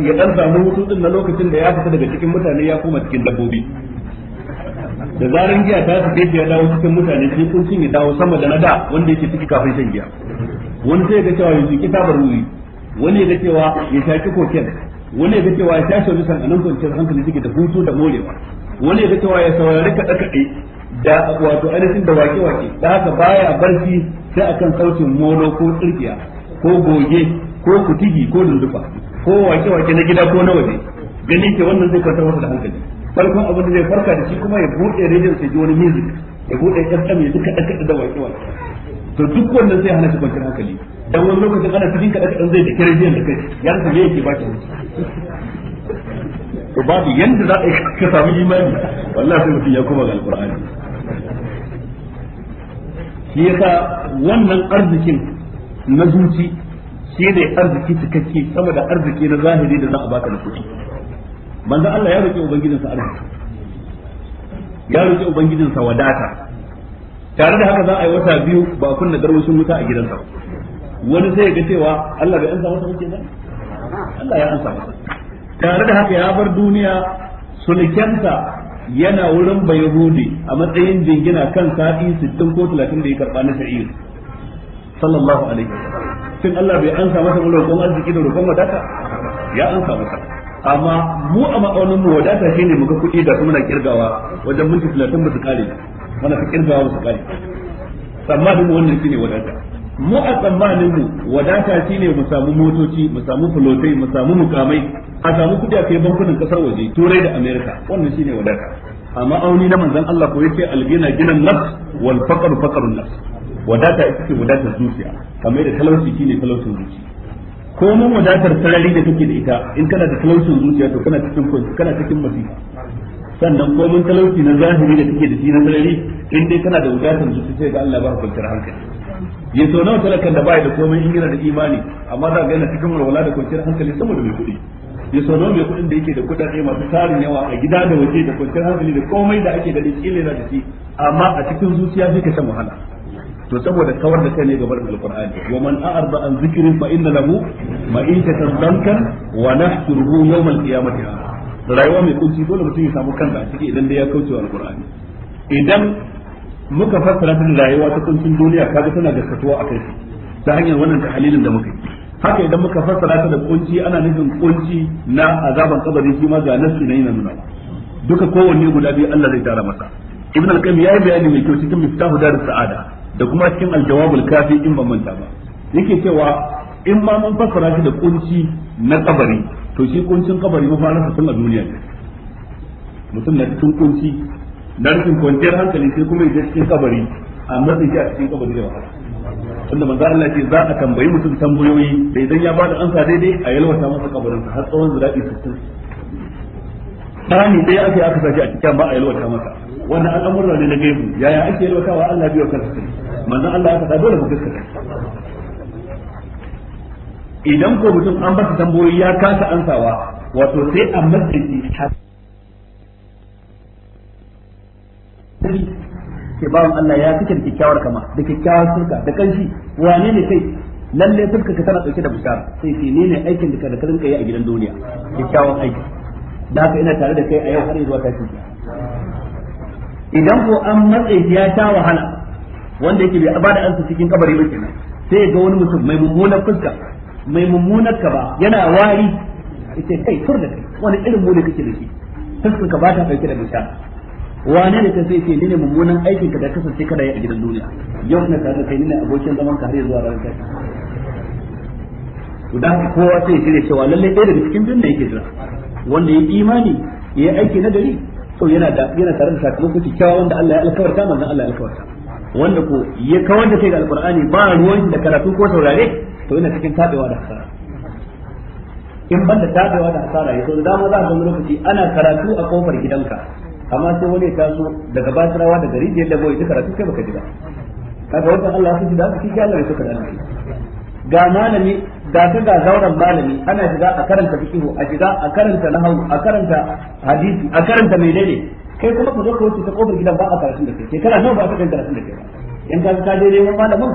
ya dan samu hutu din na lokacin da ya fita daga cikin mutane ya koma cikin dabbobi da zaran giya ta su kai ya dawo cikin mutane sai kuncin ya dawo sama da na da wanda yake ciki kafin shan giya wani sai ya ga cewa ya yanzu kitabar ruwi. wani ya ga cewa ya shaki koken wani ya ga cewa ya tashi wani sanannun kwanciyar hankali suke da hutu da morewa wani ya ga cewa ya saurari kaɗe-kaɗe da wato ainihin da wake wake da haka baya barci sai akan sautin molo ko tsirkiya ko goge ko kutigi ko dundufa ko wake wake na gida ko na waje gani ke wannan zai kwantar masa da hankali farkon abin da zai farka da shi kuma ya buɗe rediyon sai ji wani music ya buɗe FM ya duka ɗaka da wake wake to duk wannan zai hana shi kwantar hankali dan wani lokacin ana cikin kaɗa kaɗan zai da rediyon da kai ya rasa me yake ba wuce. to babu yanda za a ka samu imani wallahi sai mutum ya koma ga alqur'ani shi yasa wannan arzikin na zuci shi ne arziki cikakke sama da arziki na zahiri da za a baka da kuɗi manzo Allah ya roki ubangijinsa arziki ya roki ubangijinsa wadata tare da haka za a yi wata biyu ba a kunna garwashin wuta a gidansa wani sai ga cewa Allah bai ansa masa wuce ba Allah ya ansa masa tare da haka ya bar duniya sulkenta yana wurin bai bayahudi a matsayin jingina kan sa'i 60 ko 30 da ya karba na sha'ir sallallahu alaihi sun Allah bai ansa masa roƙon arziki da roƙon wadata ya ansa masa amma mu a ma'aunin mu wadata shine muka kuɗi da kuma na kirgawa wajen minti 30 ba su kare mana ka kirgawa ba su kare tsammanin wannan shine wadata mu a tsammanin mu wadata shine mu samu motoci mu samu fulotai mu samu mukamai a samu kudi a kai bankunan kasar waje turai da amerika wannan shine wadata amma auni na manzon Allah ko yace algina ginan nas wal faqr faqrun nas wadata ita ce wadatar zuciya kamar da talauci shine talaucin zuci. ko mun wadatar sarari da kake da ita in kana da talaucin zuciya to kana cikin kana cikin masifa sannan ko mun talauci na zahiri da kake da shi na sarari in dai kana da wadatar zuciya sai ga Allah ba ka kwantar hankali ya so nawa talakan da baya da komai in yana da imani amma za ga yana cikin walwala da kwanciyar hankali saboda mai kuɗi ya so nawa mai kuɗin da yake da kuɗaɗe masu tarin yawa a gida da waje da kwanciyar hankali da komai da ake da kila yana da shi amma a cikin zuciya zai ka shan wahala to saboda kawar da kai ne gaban alqur'ani wa man a'arda an zikri fa inna lahu ma'ishatan dankan wa nahshuruhu yawm al-qiyamati rayuwa mai kunci dole mutum ya samu kansa a ciki idan da ya kauce alqur'ani idan muka fassara ta rayuwa ta kuncin duniya kaga tana gaskatuwa akai ta hanyar wannan tahlilin da muka yi haka idan muka fassara ta da kunci ana nufin kunci na azaban kabari shi ma ga nasu ne duka kowanne guda biyu Allah zai tara masa ibn al-qayyim yayi bayani mai kyau cikin miftahu dar sa'ada da kuma cikin al-jawabul kafi in ban manta ba yake cewa in ma mun fassara shi da kunci na kabari to shi kuncin kabari ba fa a duniya mutum na cikin kunci na rufin kwanciyar hankali sai kuma ya cikin kabari a matsayin shi a cikin kabari da wahala tunda manzo Allah ce za a tambayi mutum tambayoyi da idan ya bada ansa daidai a yalwata masa kabarin sa har tsawon zirafi 60 tsani dai ake aka sace a cikin ba a yalwata masa wannan al'amuran ne na gaibu yaya ake yalwatawa Allah biyo kansa manzo Allah ya faɗa dole mu gaskata idan ko mutum an ba tambayoyi ya kasa ansawa wato sai a matsayi sarki ke bawan Allah ya fi kyakkyawar kama da kyakkyawar sulka da kanshi wane ne kai lalle sulka ka tana dauke da bukar sai ce ne ne aikin da ka rinka yi a gidan duniya kyakkyawan aiki da haka ina tare da kai a yau har zuwa tashi idan ko an matsayi ya ta wahala wanda yake bai ba da ansa cikin kabari ba kenan sai ga wani mutum mai mummunar fuska mai mummunar ba yana wari yace kai tur da kai wani irin mole kake da shi fuskar ka ba ta dauke da bukar wane ne kai sai ce ni ne mummunan aikin ka da kasance kada ya a gidan duniya yau na tare da kai ni ne abokin zaman ka har zuwa ranar kai to da haka kowa sai shirya cewa lalle ɗaya daga cikin biyun yake jira wanda ya imani ya aiki na gari to yana da yana tare da sakamakon kyakkyawa wanda Allah ya alkawarta manzon Allah ya alkawarta wanda ko ya kawar da kai ga alqur'ani ba ruwan da karatu ko saurare to yana cikin tabewa da hasara in banda tabewa da hasara ya da dama za a ga lokaci ana karatu a kofar gidanka amma sai wani ya taso daga basirawa daga gari da boye duka rasu kai baka ji ba kaga wannan Allah sun ji da shi Allah ya suka dalili ga malami ga ta ga zauren malami ana shiga a karanta fiqh a shiga a karanta nahwu a karanta hadisi a karanta menene kai kuma ku zo ka wuce ta kofar gidan ba a karatun da kai kai kana nawa ba ka karatun da kai ba in ka ta daidai wani malamin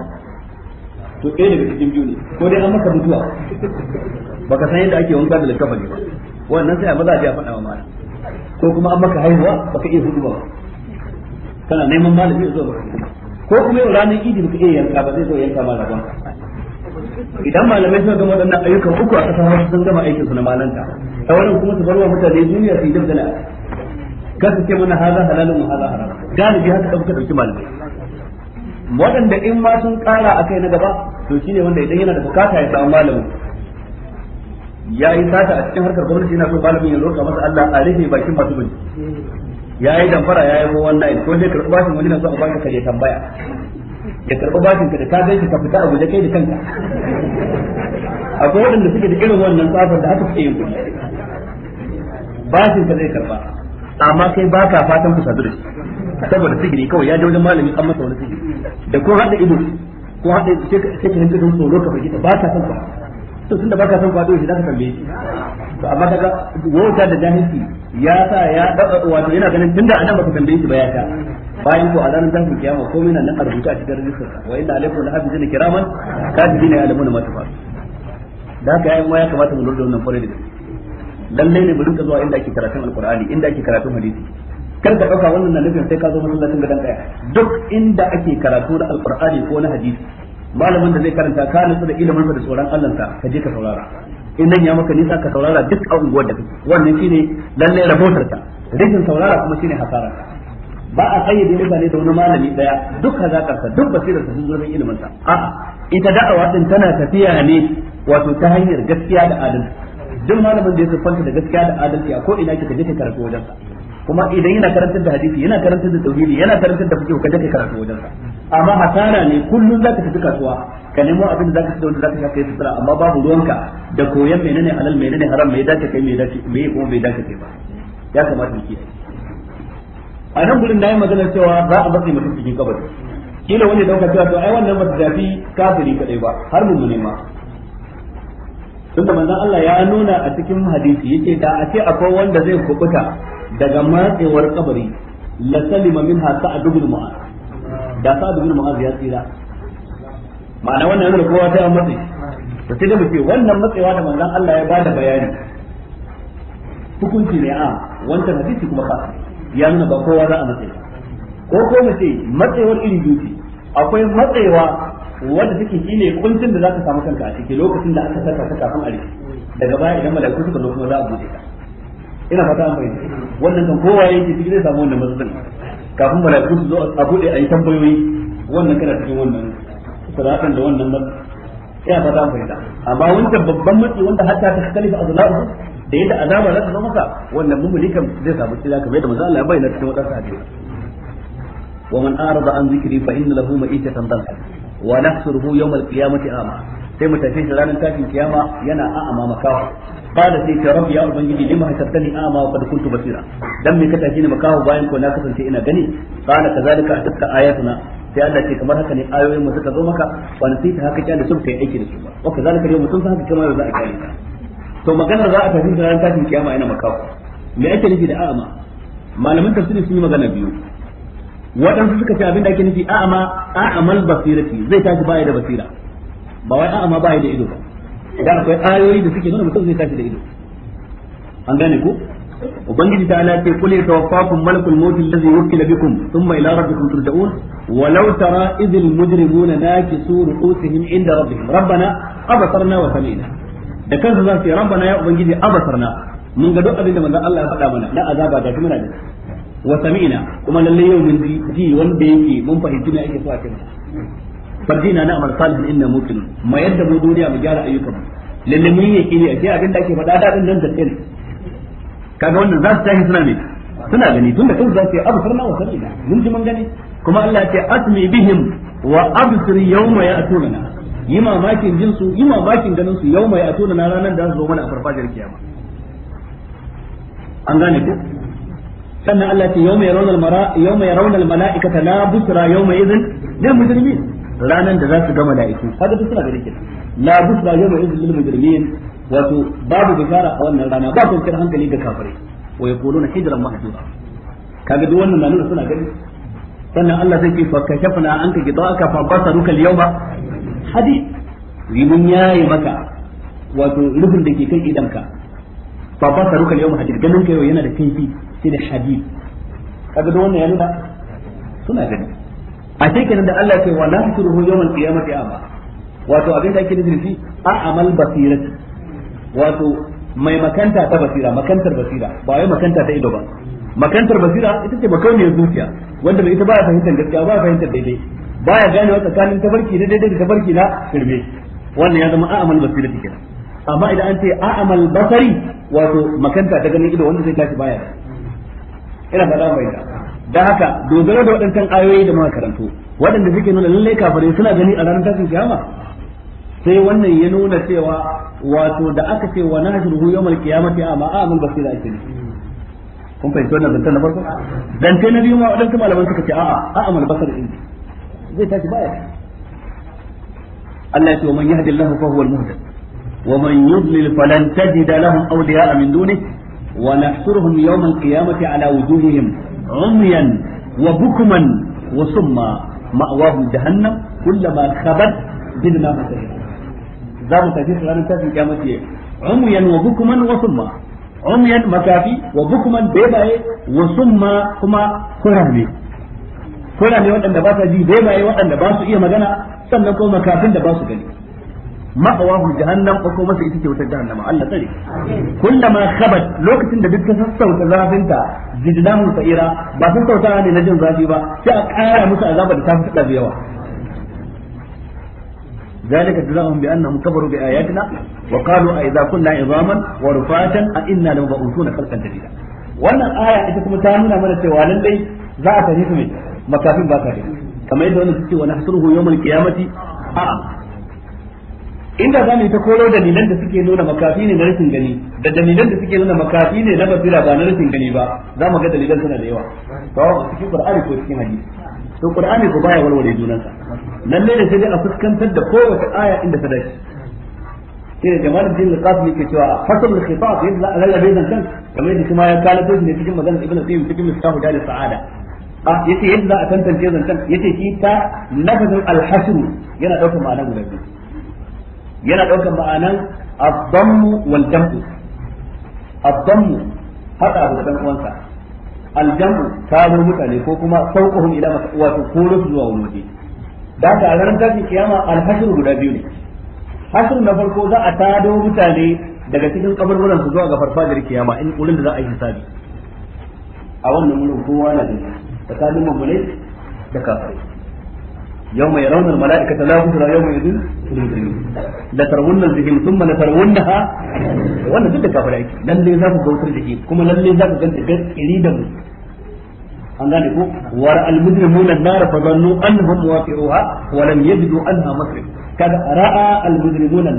to ɗaya daga cikin biyu ne ko dai an maka mutuwa baka san yadda ake wanka da kafa ne ba wannan sai a maza a faɗa wa malami ko kuma an maka haihuwa baka iya hudu ba kana neman malami ya zo ba. ko kuma yau ranar idi baka iya yanka ba zai zo yanka ma ba. idan malamai suna gama waɗannan ayyukan uku a ƙasa wasu sun gama aikin su na malanta ta wannan kuma su barwa mutane duniya su yi dabda na kar su ce mana haza halalun mu haza haram galibi haka ɗauka ɗauki malamai waɗanda in ma sun ƙara a kai na gaba to shine wanda idan yana da bukata ya samu malamin ya yi sata a cikin harkar gwamnati yana so balibin ya roƙa masa Allah a rufe bakin masu bin ya yi damfara ya yi ruwan nayin ko zai karɓi bashin wani na so a baka ka tambaya ya karɓi bashin ka da ka gaishe ka fita a guje kai da kanka akwai waɗanda suke da irin wannan tsafar da haka fi yin kuɗi bashin ka zai karɓa amma kai ba ka fatan ku sadu da shi saboda sigiri kawai ya je wajen malami an masa wani sigiri da ko haɗa ido ko haɗa sai ka yanke don tsoro ka fahimta ba ka san ba to tunda baka son kwado shi zaka tambaye shi to amma kaga wauta da jahilci ya sa ya wato yana ganin tunda anan baka tambaye shi ba ya ka bayan ko a ranar tashin kiyama komai na nan a rubuta a cikin rajistar wa inna alaikum la hafizina kiraman katibina ya'lamuna ma tafalu da haka yayin ya kamata mu lura da wannan fare da dan lallai ne mu rinka zuwa inda ake karatun alqur'ani inda ake karatun hadisi kar ka dauka wannan na lafiya sai ka zo masallacin dan daya duk inda ake karatu na alqur'ani ko na hadisi malamin da zai karanta ka nutsu da ilimin da tsoron Allah ka ka je ka saurara in nan ya maka nisa ka saurara duk a unguwar da kake wannan shine lalle rahotar ka rikin saurara kuma shine hasara ba a kayyade mutane da wani malami daya duk hazakarsa duk basirar sa duk zurfin ilimin sa a'a ita da'awa din tana tafiya ne wato ta hanyar gaskiya da adalci duk malamin da ya siffanta da gaskiya da adalci a ko ina kika je ka karatu wajen kuma idan yana karantar da hadisi yana karantar da tauhidi yana karantar da fiqh ka je ka karatu wajen sa amma hasara ne kullun zaka tafi kasuwa ka nemo abin da zaka ci da wanda zaka kai sutura amma babu ruwanka da koyan menene halal menene haram me dace kai me dace me ko me dace kai ba ya kamata mu a nan gurin nayi magana cewa za a matsayi mutum cikin kabari kila wani dauka cewa to ai wannan bata zafi kafiri kadai ba har mun ma tunda manzon Allah ya nuna a cikin hadisi yake da a ce akwai wanda zai kubuta daga matsewar kabari la salima minha sa'ad ibn mu'az da sa'ad ibn mu'az ya tsira ma'ana wannan yana kowa ta matsi to sai da muke wannan matsewa da manzon Allah ya bada bayani hukunci ne a wancan hadisi kuma ba ya nuna ba kowa za a matse ko ko mu ce matsewar irin duki akwai matsewa wanda take shine kuncin da zaka samu kanka a ciki lokacin da aka saka ka kafin a daga baya idan malaiku suka zo kuma za a bude ka ina fata an bayyana wannan kan kowa yake cikin zai samu wannan matsalan kafin mala'iku su zo a bude a yi tambayoyi wannan kana cikin wannan sana'atan da wannan ina fata an bayyana amma wancan babban matsi wanda hatta ta kalifa azlamu da yadda azaba za ta zama maka wannan mummuni kam zai samu cikin kamar yadda manzo Allah ya bayyana cikin wadansu hadisi wa man arada an zikri fa inna lahu ma'isatan dhalka wa nahsuruhu yawm al-qiyamati ama sai mu tafi shi ranar tashin kiyama yana a'ama makawa qala sai ta rabbi ya ubangiji lima hasabtani a'ma wa qad kuntu basira dan me ka tashi ni makaho bayan ko na kasance ina gani qala kazalika atatka ayatuna sai Allah ce kamar haka ne ayoyin mu suka zo maka ba sai ta haka da sun kai aiki da su ba wa kazalika yau mutum sa haka kamar da za a kyale ka to maganar za a tafi da ran tashin kiyama ina makaho me ake nufi da a'ama? malaman tafsiri sun yi magana biyu waɗansu suka ce abin ake nufi a'ama a'amal basirati zai tashi baya da basira ba wai a'ama baya da ido ba idan akwai ayoyi da suke nuna mutum zai tashi da ido an gane ku ubangiji ta ala ce kulli tawaffakum malakul maut allazi wukila bikum thumma ila rabbikum turja'un walau tara idhil mujrimuna nakisu ru'usihim inda rabbihim rabbana abasarna wa sami'na da kansa za su yi rabbana ya ubangiji abasarna mun ga duk abin da manzon Allah ya faɗa mana na azaba da kuma na da wa sami'na kuma lalle yau mun ji wanda yake mun fahimci ne ake so a cikin farjina na amal salihin inna muqin ma yadda mu duniya mu gyara ayyukan mu lalle mun yake ne ashe abin da ake faɗa da din nan da kai kaga wannan za su tashi suna ne suna gani tunda kai za su yi abu farna wa sarina mun ji mun gani kuma Allah ya ce asmi bihim wa absir yawma ya'tuna yi mamakin jin su yi mamakin ganin su yawma ya'tuna na ranar da su zo mana a farfajiyar kiyama an gane ko sannan Allah ya ce yawma yarawna al-mara yawma yarawna al-mala'ikata la busra yawma idhin lil mujrimin ranan da za su ga mala'iku kaga duk suna gare kenan la busra yawma idhil lil mujrimin wato babu bishara a wannan rana ba kwanciyar hankali ga kafirai wa yaquluna hijran mahjura kaga duk wannan na suna gani sannan Allah zai ce fa kashafna anka gidaka fa basaruka al-yawma hadid yi mun yayi maka wato rufin da ke kan idanka fa basaruka al-yawma hadid ganin ka yau yana da kaifi sai da hadid kaga duk wannan ya nuna suna gani a kenan da Allah ce wa la hasruhu yawmal qiyamati a'ma wato abin da ake nufi shi a amal basirat wato mai makanta ta basira makantar basira ba wai makanta ta ido ba makantar basira ita ce makauniyar zuciya wanda mai ita ba fahimtar gaskiya ba fahimtar daidai baya gane wa tsakanin tabarki na daidai da tabarki na firme wannan ya zama a amal basira kenan amma idan an ce a amal basari wato makanta ta ganin ido wanda zai tashi baya ina fada mai da da haka dogaro da waɗancan ayoyi da muka karanto waɗanda suke nuna lallai kafirai suna gani a ranar tashin kiyama sai wannan ya nuna cewa wato da aka ce wa nahshuruhu yawmal qiyamati a mun basira ake ne kun fahimci wannan zantan na farko zantan na biyu ma waɗansu malaman suka ce a'a amal basar inji zai tashi baya Allah ya ce wa man yahdillahu fa huwa al-muhtad wa man yudlil falan tajida lahum awliya'a min dunihi wa nahshuruhum yawmal qiyamati ala wujuhihim عميا وبكما وصما مأواهم جهنم كلما خبت بننا مسيح za mu tafi ranar tashin kiyamati umuyan wa bukuman wa makafi wa bukuman bebaye wa kuma kurame kurame waɗanda ba sa ji bebaye waɗanda ba su iya magana sannan kuma makafin da ba su gani ma'awahu jahannam ko masa ita ce wutar jahannama Allah tsare kullama khabat lokacin da dukkan sassauta zafinta jidnahu sa'ira ba sassauta ne na jin zafi ba sai a kara musu azaba da ta fi tsada yawa ذلك جزاهم بأنهم كفروا بآياتنا وقالوا أإذا كنا عظاما ورفاتا أإنا لمبعوثون خلقا جديدا wannan aya ita kuma ta nuna mana cewa lallai za a fahimci mai makafin ba ka kamar yadda wani a'a inda za mu ta koro dalilan da suke nuna makafi ne na rashin gani da dalilan da suke nuna makafi ne na basira ba na rashin gani ba za mu ga dalilan suna da yawa to cikin qur'ani ko cikin hadisi to qur'ani ko baya walwale junansa lalle ne sai a fuskantar da kowace aya inda ta dace sai jamal bin al-qasim ke cewa fasal al-khitab yadda Allah bai zancan kamar yadda kuma ya kalato ne cikin maganar ibnu qayyim cikin mistahu dalil sa'ada a yace yadda za a tantance zancan yace shi ta lafazin al-hasr yana daukar ma'ana guda biyu yana daukan ma'anan abdammu wal jam'u abdammu hada abu dan uwansa al jam'u kawo mutane ko kuma sauquhum ila maka wato koro su zuwa wani waje da ta ranar tashin kiyama al hashr guda biyu ne hashr na farko za a tado mutane daga cikin kaburburan su zuwa ga farfajiyar kiyama in wurin da za a yi hisabi a wannan wurin kowa na da tsakanin mamulai da kafirai يوم يرون الملائكة لا بشرى يوم يدين لترون الجحيم ثم لترونها وانا ضد كافر ايك لن لي ذاك الجحيم كما لن لي ذاك غنت غير اريد an gane ko wa ra'al mujrimuna an-nar fa dhannu annahum waqi'uha wa lam yajidu anha masrif kada ra'a al-mujrimuna an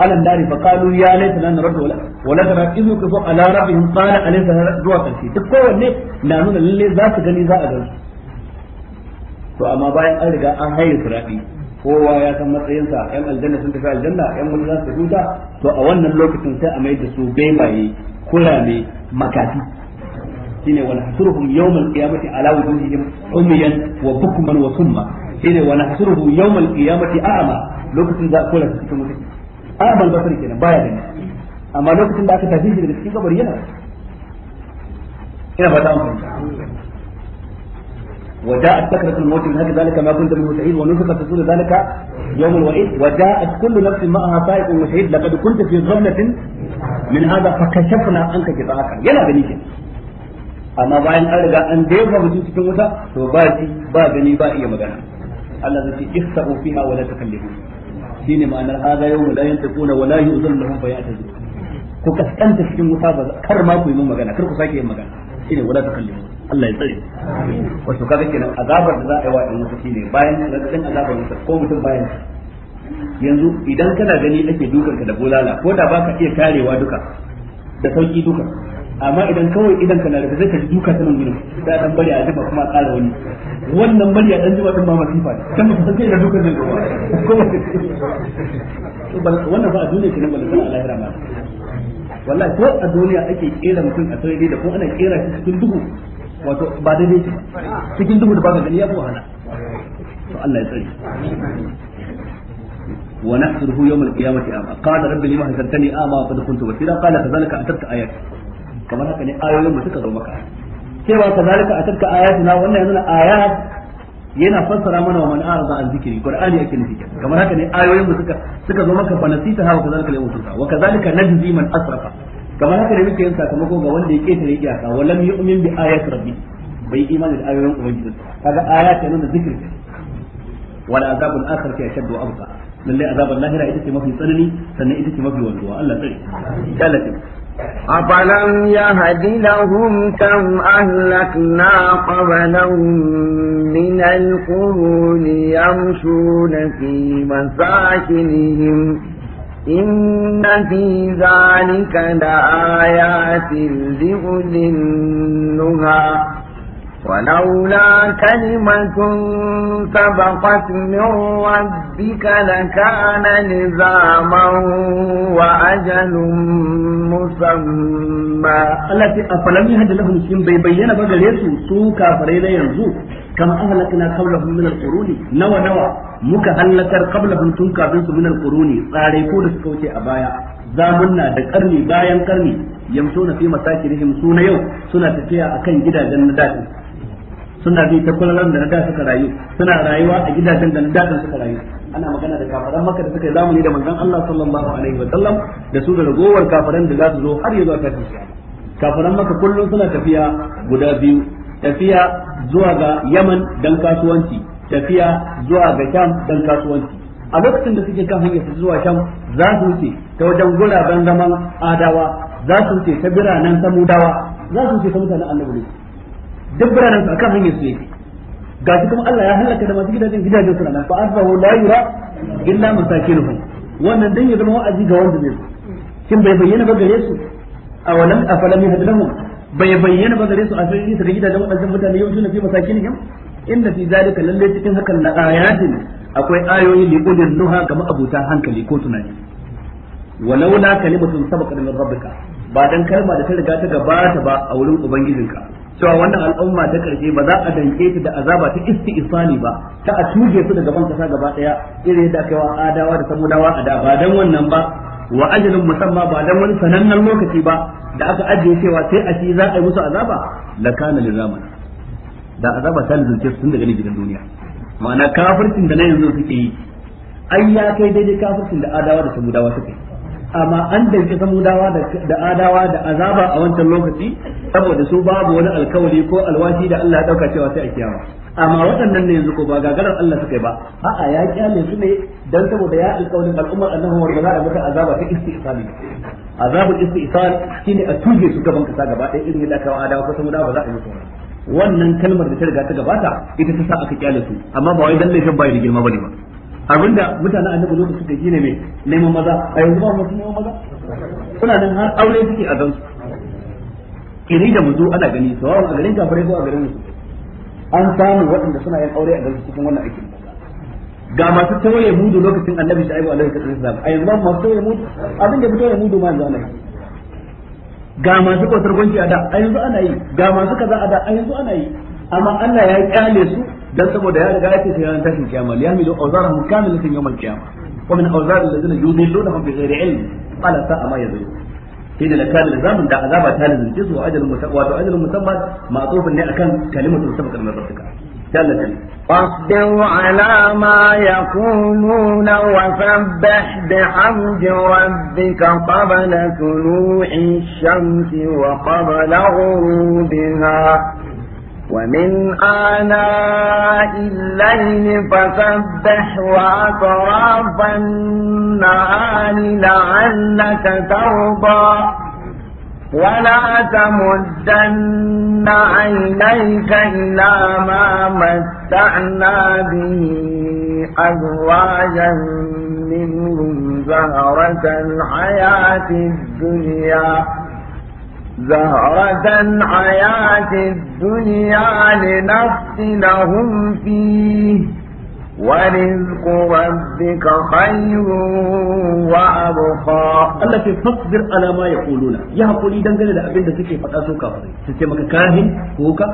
على النار فقالوا يا ليتنا نرد ولا ولا ترى إذ نكفوا على ربهم قال أليس هذا زوا كرسي تكون ne na nuna lalle za su gani za a gan to amma bayan an riga an haye surabi kowa ya san matsayinsa yan aljanna sun tafi aljanna yan wani za su huta to a wannan lokacin sai a mai da su baibaye kurame makati shine wal hasuruhum yawmal qiyamati ala wujuhihim umiyan wa bukman wa summa shine wal hasuruhum yawmal qiyamati a'ma lokacin za a kula su cikin mutum a ban basar kenan baya gani amma lokacin da aka tafi shi daga cikin kabari yana ina fata an وجاءت سكرة الموت من ذلك ما كنت منه سعيد ونفخ في صور ذلك يوم الوعيد وجاءت كل نفس معها سائق وشهيد لقد كنت في غفلة من هذا فكشفنا عنك غطاءك yana gani ke amma bayan an riga an jefa mutum cikin wuta to ba ji ba gani ba iya magana Allah zai ofi a fiha shine ma'anar hada yau la yantiquna wa la yu'zanu lahum fa ya'tadu ku kaskanta cikin wuta ba kar ma ku yi mun magana kar ku sake yin magana shine wala takallimu Allah ya tsare wato kaga kenan azabar da za a yi wa in wuta shine bayan radadin azabar wuta ko mutum bayan yanzu idan kana gani ake ka da bulala ko da baka iya karewa duka da sauki duka amma idan kawai idan kana da zai ka ji duka sanan gurin da dan bari a zuba kuma a tsara wani wannan bari a dan zuba din ma masifa kan ba sai da duka zai gaba wannan ba a duniya kenan ba da lahira ma wallahi ko a duniya ake kera mutum a sarari da ko ana kera shi cikin duhu wato ba daidai dai cikin duhu da ba ka gani ya fi wahala to Allah ya tsare ونحشره يوم القيامة أعمى قال رب لما هزرتني أعمى وقد كنت بصيرا قال كذلك أتتك آياتي kamar haka ne ayoyin mu suka zo maka cewa kazalika atatka ayatuna wannan yana ayat yana fassara mana wa man arada an zikri qur'ani yake nufi kamar haka ne ayoyin mu suka suka zo maka fa nasita hawa kazalika la yusuka wa kazalika najzi man asrafa kamar haka ne muke yin sakamako ga wanda ya ketare iyaka wa lam yu'min bi ayati rabbi bai imani da ayoyin ubangiji kaga ayat yana da zikri wal azabul akhir fi ashaddu wa abqa lalle azabul lahira ita ce mafi tsanani sannan ita ce mafi wanzuwa Allah tsare أفلم يهد لهم كم أهلكنا قبلهم من القرون يمشون في مساكنهم إن في ذلك لآيات لأولي النهى ولولا كلمة سبقت من ربك لكان لزاما وأجل مسمى الله تي أفلم يهد لهم كم بيبين بغريسو سو yanzu. ينزو كما أهلكنا قبلهم من القرون nawa-nawa muka hallakar qablahum tun kafin su minal quruni tsare ko da suka wuce a baya zamunna da karni bayan karni na fi masakirihim su na yau suna tafiya akan gidajen na dadi suna bi ta da na da suka rayu suna rayuwa a gidajen da na dadi suka rayu ana magana da kafaran maka da suka yi zamani da manzon Allah sallallahu alaihi wa sallam da su da ragowar kafaran da za su zo har yanzu zuwa kafin kafaran maka kullum suna tafiya guda biyu tafiya zuwa ga Yaman dan kasuwanci tafiya zuwa ga Sham dan kasuwanci a lokacin da suke kan hanyar zuwa Sham za su wuce ta wajen guraben zaman adawa za su wuce ta biranen samudawa za su wuce ta mutanen annabi duk biranen su akan hanyar su yake gashi kuma Allah ya halaka da masu gidajen gidajen suna na. fa asbahu la yura illa masakinuhum wannan dan ya zama wa'azi ga wanda ne. kin bai bayyana ba gare su a walam afalam yahdahum bai bayyana ba gare su a cikin su da gidajen waɗannan mutane yau suna fi masakinihim inda fi zalika lalle cikin hakan la ayatin akwai ayoyi li ulil nuha kama abuta hankali ko tunani walaula kalimatun sabaqat min rabbika ba dan kalma da ta riga ta gabata ba a wurin ubangijinka cewa wannan al'umma ta karshe ba za a danke ta da azaba ta isti'sani ba ta a tuge su daga gaban kasa gaba daya irin yadda aka yi wa adawa da samudawa a da ba dan wannan ba wa ajalin musamma ba dan wani sanannen lokaci ba da aka ajiye cewa sai a ci za a yi musu azaba la kana liraman da azaba ta lalace sun daga gidan duniya ma'ana kafircin da na yanzu suke yi ai ya kai daidai kafircin da adawa da samudawa suke yi amma an danci samudawa da adawa da azaba a wancan lokaci saboda su babu wani alkawari ko alwashi da Allah ya dauka cewa sai a kiyama amma waɗannan ne yanzu ko ba gagarar Allah suka yi ba a'a ya kyale su ne dan saboda ya alkawarin al'ummar annahu wanda za a maka azaba ta istisali azabul istisal shine a tuje su gaban kasa gaba ɗaya irin yadda aka adawa ko samudawa ba za a yi wannan kalmar da ta riga ta gabata ita ta sa aka kyale su amma ba wai dan laifin bai da girma bane ba abinda mutanen annabi lokaci suka yi ne neman maza a yanzu ba masu neman maza suna nan har aure suke a gansu kiri da muzo ana gani su, a garin kafirai ko a garin musu an samu waɗanda suna yin aure a gansu cikin wannan aikin ga masu tawaye mudu lokacin annabi shaibu alaihi wasallam a yanzu ba masu tawaye mudu abin da tawaye mudu ma yanzu ana yi ga masu kwatar gwanci a da a yanzu ana yi ga masu kaza a da a yanzu ana yi amma Allah ya kyale su dan saboda ya riga ya ce sai ran tashin kiyama liyamilu awzarahum kamilatan yawmal qiyamah wa min awzar alladhina yudillunahum bighairi ilm qala amma ya zai sai da lakal lizamin da azaba ta lazin lizince su ajalun musamma wato ajalun ma tsofin ne akan kalimatu sabaqat min rabbika فاصبر على ما يقولون وسبح بحمد ربك قبل طلوع الشمس وقبل غروبها ومن آناء الليل فسبح وأطراف النهار لعلك ترضى ولا تمدن عينيك إلى ما متعنا به أزواجا منهم زهرة الحياة الدنيا زهرة الحياة الدنيا لنفتنهم فيه ورزق ربك خير وأبقى الله في فاصبر على ما يقولون يا قولي دنگل da abin da suke faɗa su kafirai su ce maka kahin ko ka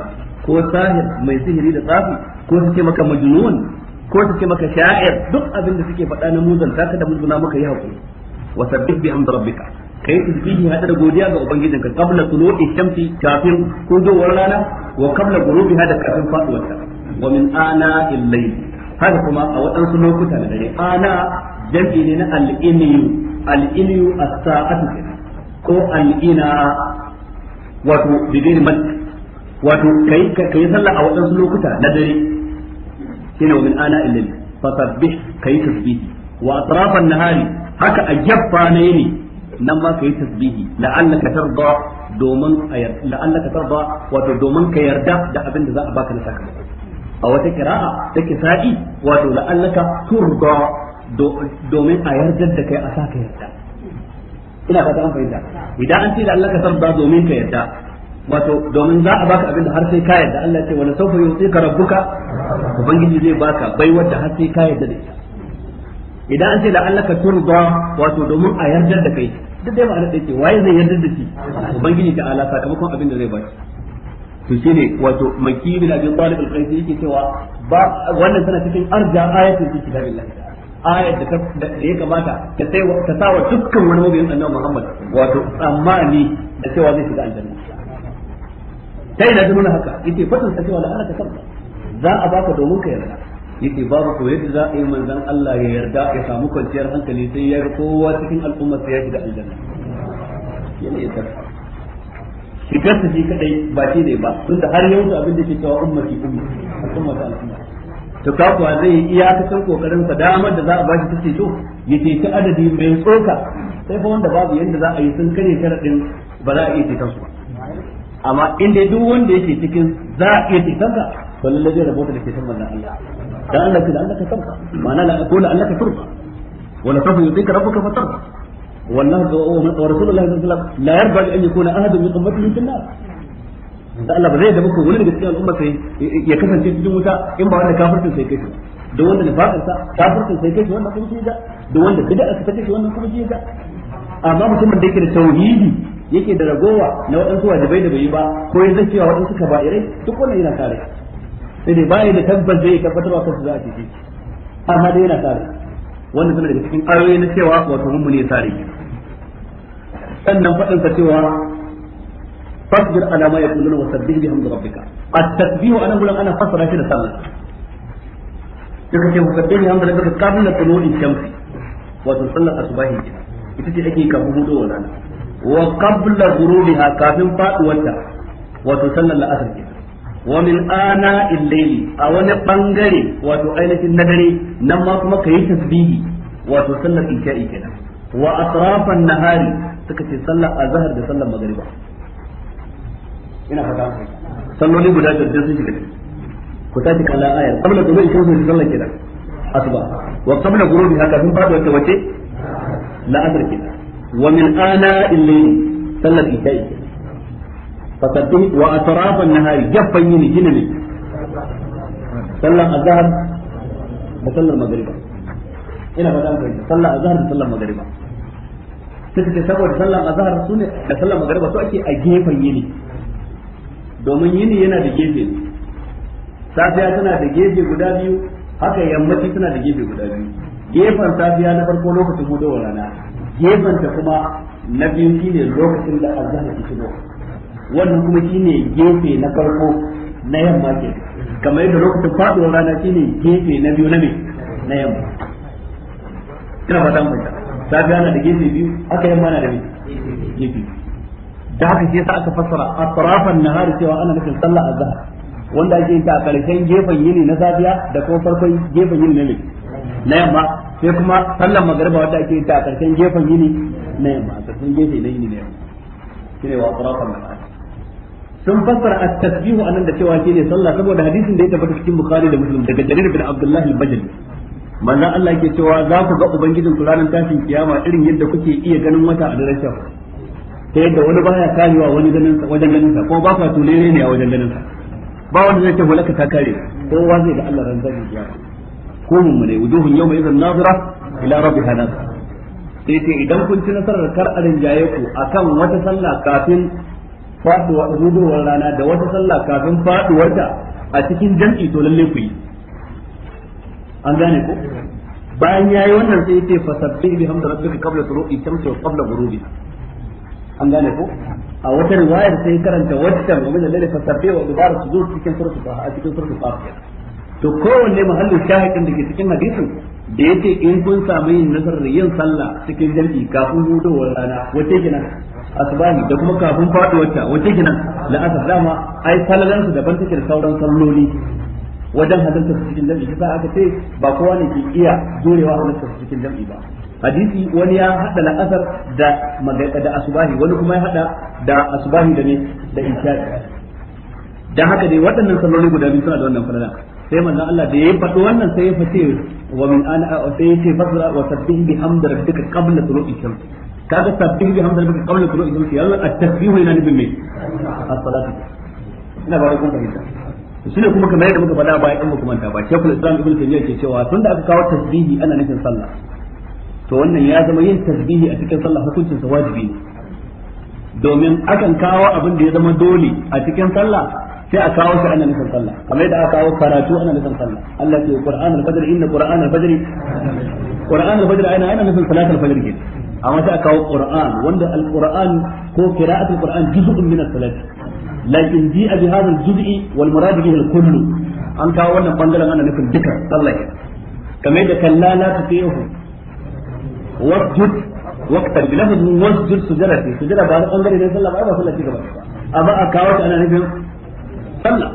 ko sahir mai sihiri da tsafi ko su ce maka majnun ko su ce maka sha'ir duk abin da suke faɗa na muzan taka da muzuna maka ya haƙuri wa kai tasbihi hada da godiya ga ubangijin ka qabla tulu'i shamsi kafin kudowar rana wa qabla ghurubiha da kafin faduwar ta wa min ana al-layl haka kuma a waɗansu lokuta da dare ana jam'i ne na al-iniyu al-iniyu as-sa'atu ko al-ina wato bidin man wato kai kai sallah a waɗansu lokuta na dare shine wa min ana al-layl fasabbih kai tasbihi wa atrafan nahari haka a jaffa ne ne nan ma ka yi tasbihi la'allaka tarda domin la'allaka tarda wato domin ka yarda da abin da za a baka na sakamako a wata kira'a ta kisa'i wato la'allaka turda domin a yarda da kai a sa ka yarda ina fata an fahimta idan an ce la'allaka tarda domin ka yarda wato domin za a baka abin da har sai ka yarda Allah ce wani wala sawfa ka? rabbuka ubangiji zai baka baiwar da har sai ka yarda da ita idan an ce da Allah ka turba wato domin a yarda da kai duk dai ma'anar ɗaya ce waye zai yarda da shi ubangiji ta ala sakamakon abin da zai ba shi to shine wato maki bin abin talib al-qaisi yake cewa ba wannan tana cikin arja ayatin fi kitabillah ayat da da ya kamata ta sai ta sawa dukkan wani mabiyin annabi Muhammad wato tsammani da cewa zai shiga aljanna ta ina da nuna haka yace fatan sa cewa la'ana ka sabba za a baka domin ka yarda yake babu ko yadda za a yi manzan Allah ya yarda ya samu kwanciyar hankali sai ya kowa cikin al'ummar sai ya shiga aljanna yana yadda shigar ta shi kadai ba shi ne ba da har yanzu abin da ke cewa ummati ummati al'ummar ta al'umma to kuwa zai yi iyakacin kokarin sa damar da za a bashi take to ya ce ta adadi mai tsoka sai fa wanda babu yanda za a yi sun kare sharadin ba za a iya ceton su ba amma inda duk wanda yake cikin za a iya ceton ka to lallai zai rabota da ceton manzon Allah da Allah ki da ka tarba ma'ana la aqulu Allah ka tarba والله ورسول الله صلى الله عليه وسلم لا يرضى ان يكون احد من امته في النار da Allah ba zai da muku wani daga cikin al'umma sai ya kasance cikin wuta in ba wanda kafircin sai kai da wanda da fadar kafircin sai kai wannan kuma shi da da wanda bid'a aka take wannan kuma shi da amma mutumin da yake da tauhidi yake da ragowa na waɗansu wajibai da bai yi ba ko ya zaciwa waɗansu kaba'irai duk wannan yana kare sai dai bayi da tabbas zai tabbatar wa kansa za a cece shi amma dai yana sare wannan suna daga cikin ayoyi na cewa wato mun ne sare sannan faɗin sa cewa fasbir ala ma yaquluna wa sabbih bihamdi rabbika at-tasbihu ana gulan ana fasara shi da sallah yake ce sabbih bihamdi rabbika qabla tulu'i shamsi wato sallar asubahi ita ce ake kafin hudowar rana wa qabla ghurubiha kafin faduwarta wato sallar la'asar kenan wa min ana illaili a wani bangare wato ainihin na dare nan ma kuma kayi tasbihi wato sallar isha'i kenan wa asrafan nahari suka ce sallar azhar da sallar magriba ina fata salloli guda da sun shiga ku tashi kala ayar qabla ghurubi shamsu sallar kenan asuba wa qabla haka sun wace wa min sallar fasabbih wa atrafan nahari gaffan yini gina ne sallar azhar da sallar magriba ina ba dan kai sallar azhar da sallar magriba suka ce saboda sallar azhar su da sallar magriba su ake a gefen yini domin yini yana da gefe safiya tana da gefe guda biyu haka yammaci tana da gefe guda biyu gefen safiya na farko lokacin hudowar rana gefen ta kuma na biyu shine lokacin da azhar ke shigo wannan kuma shine gefe na farko na yamma ke kamar yadda lokacin faɗuwar rana shine gefe na biyu na me na yamma kina fata mun ta gana da gefe biyu aka yamma na da me gefe da haka shi yasa aka fassara atrafan nahar cewa ana nufin sallah azhar wanda ake yin ta a karshen gefen yini na safiya da kuma farkon gefen yini na me na yamma sai kuma sallar magariba wanda ake yin ta a karshen gefen yini na yamma a karshen gefe na yini na yamma kinewa wa atrafan nahar sun fassara a tasbihu anan da cewa shine sallah saboda hadisin da ya tabbata cikin bukhari da muslim daga jarir bin abdullahi al-bajali manzo Allah yake cewa za ku ga ubangijin ku ranar tashin kiyama irin yadda kuke iya ganin wata a daren shafa ta yadda wani baya karewa wani ganin sa wajen ganin sa ko ba ka ne a wajen ganin sa ba wanda zai ce hulaka ta kare kowa zai ga Allah ran tashin kiyama ko mun ne wujuhun yawma idan nazira ila rabbiha nazira sai ce idan kun ci nasarar kar a rinjaye ku akan wata sallah kafin faduwa zuwa rana da wata sallah kafin faduwarta a cikin jam'i to lalle ku yi an gane ko bayan yayi wannan sai yace fasabbih bihamdi rabbika qabla tulu'i shamsi wa qabla ghurubi an gane ko a wata riwayar sai karanta wata wa da al-layli fasabbih wa dubara sujud cikin ba a cikin suratul ba. to kowanne mahallin shahidin da ke cikin hadisin da yace in kun samu yin nasarar yin sallah cikin jam'i kafin hudowar rana wace kenan asbahi da kuma kafin faduwar ta wace kenan la'asar dama ai falalan su daban take da sauran salloli wajen halartar cikin jam'i kisa aka ce ba kowa ne ke iya jurewa halartar cikin jam'i ba hadisi wani ya hada la'asar da magaɗa da asubahi wani kuma ya hada da asubahi da ne da isha'i dan haka dai waɗannan salloli guda biyu suna da wannan falala sai manzon Allah da yayin faɗo wannan sai ya fice wa min ana sai ya ce fasra wa sabbih bihamdi rabbika qabla turu'i shams kaga sabbih bi hamdan baka qabla tulu idan shi at-tasbihu ina nabin mai as-salatu ina ba da kun shine kuma kamar yadda muka faɗa bayan muka manta ba Sheikhul Islam Ibn Taymiyyah ke cewa tunda aka kawo tasbihi ana nufin sallah to wannan ya zama yin tasbihi a cikin sallah hukuncin sa wajibi ne domin akan kawo abin da ya zama dole a cikin sallah sai a kawo shi ana nufin sallah kamar yadda aka kawo karatu ana nufin sallah Allah ya ce Qur'an al-Fajr inna Qur'an al-Fajr Qur'an al-Fajr ana ana nufin salatul fajr kenan a wata kawo qur'an wanda alquran ko qira'atul qur'an juz'un min as-salat lakin ji bi hadha al-juz'i wal murad bihi al-kullu an kawo wannan bangaren ana nufin duka sallah kamar da kalla la tatihu wasjud waqtar bi lafzin wasjud sujada fi sujada ba bangare ne sallah ba ba sallah ci gaba amma a kawo ta ana nufin sallah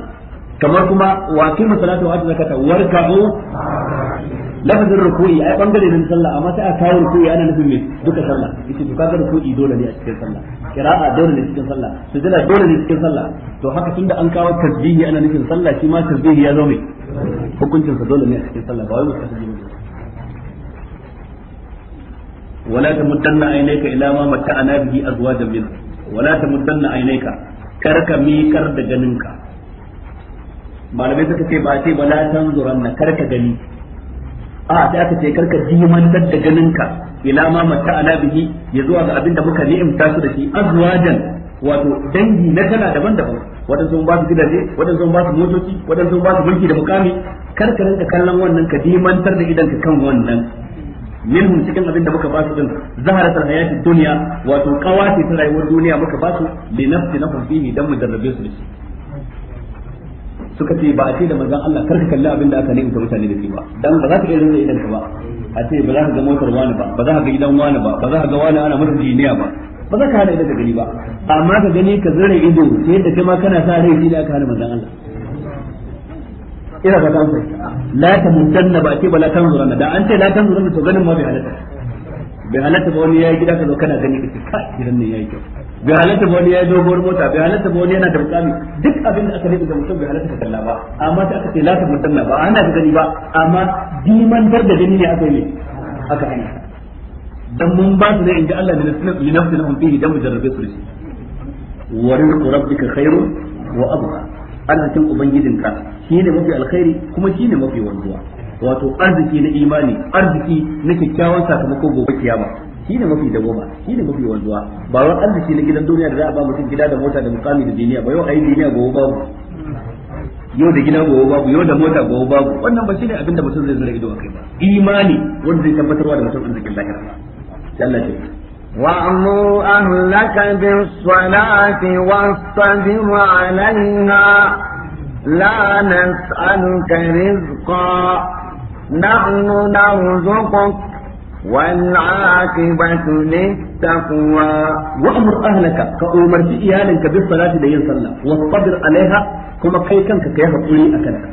kamar kuma wa qimu salata wa atu zakata warka'u lafazin ruku'i ai bangare ne sallah amma sai a kawo ruku'i ana nufin me duka sallah yace to kaga ruku'i dole ne a cikin sallah qira'a dole ne cikin sallah sujada dole ne cikin sallah to haka tunda an kawo tasbihi ana nufin sallah shi ma tasbihi ya zo me hukuncin sa dole ne a cikin sallah ba wai mutasabbi ne ولا تمدن عينيك الى ما متعنا به ازواجا منهم ولا تمدن عينيك كرك ميكر دجننك malamai suka ce ba sai ba la tanzuran na karka gani a sai aka ce karka dimantar da ganinka ila ma mata ala bihi ya zuwa ga abinda muka ni'imta su da shi azwajan wato dangi na kala daban-daban wadansu sun ba su gidaje wadansu sun ba su motoci wadansu sun ba su mulki da mukami karka rinka kallon wannan ka dimantar da idan ka kan wannan minhum cikin abin da muka basu din ta hayati dunya wato kawati ta rayuwar duniya muka basu li nafsi nafsihi dan mu darrabe su da shi suka ce ba a ce da manzon Allah kar ka kalli abin da aka nemi ta mutane da shi ba dan ba za ka iya rinna idan ka ba a ce ba za ka ga motar wani ba ba za ka ga gidan wani ba ba za ka ga wani ana masa jiniya ba ba za ka hana idan ka gani ba amma ka gani ka zira ido sai yadda kai ma kana sa rai shi da aka hana manzon Allah ina fata an fahimta la ta mutanna ba ce ba la tanzuranna da an ce la tanzuranna to ganin ma bai halatta bai halatta ba wani yayi gida ka zo kana gani ka ce kai gidan nan yayi kyau bai halatta ba wani ya dogon mota bai halatta ba wani yana da mukami duk abin da aka rike ga mutum bai halatta ka kalla ba amma sai aka ce la ta mutanna ba ana ka gani ba amma dimantar da gani ne aka yi aka hana dan mun ba su ne inda Allah ne na li nafsi na umbi dan mujarrabe su shi wa rizqu rabbika khairun wa abqa arzikin ubangijinka ne mafi alkhairi kuma shi ne mafi wanzuwa wato arziki na imani arziki na kyakkyawan sakamako gobe kiyama shine mafi dawoma shine mafi wanzuwa ba an shi na gidan duniya da za a ba mutum gida da mota da mukami da duniya ba yau ayi duniya gobe babu yau da gida gobe babu yau da mota gobe babu wannan ba shine abin da mutum zai zura ido kai ba imani wanda zai tabbatarwa da mutum arzikin lahira Allah ya وأمر أهلك بالصلاة واصطبر عليها لا نسألك رزقا نحن نرزقك والعاقبة للتقوى وأمر أهلك كأمر في إيالك بالصلاة دين صلى واصطبر عليها كما كي كنك كي يحطوني أكلك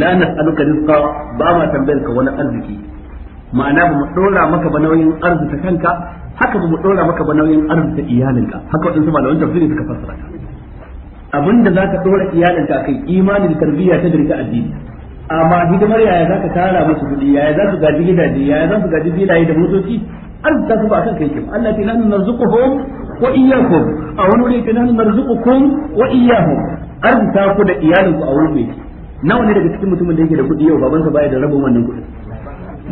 لا نسألك رزقا بابا تنبيرك ولا أرزكي ma'ana ba mu dora maka ba nauyin arzuta kanka haka ba mu dora maka ba nauyin arzuta iyalinka haka waɗansu malaman tafsiri suka fassara ta abinda zaka ɗora iyalinka kai imanin tarbiyya ta dirka addini amma hidimar yaya za ka tara musu kuɗi yaya za su gaji gidaje yaya za su gaji filaye da motoci an ta su ba kan kai ke Allah ta nan narzuquhum wa iyyakum a wani wuri ta nan narzuqukum wa iyyahum arzuta ku da iyalin ku a wuri nawa ne daga cikin mutumin da yake da kuɗi yau babansa baya da rabon wannan kuɗin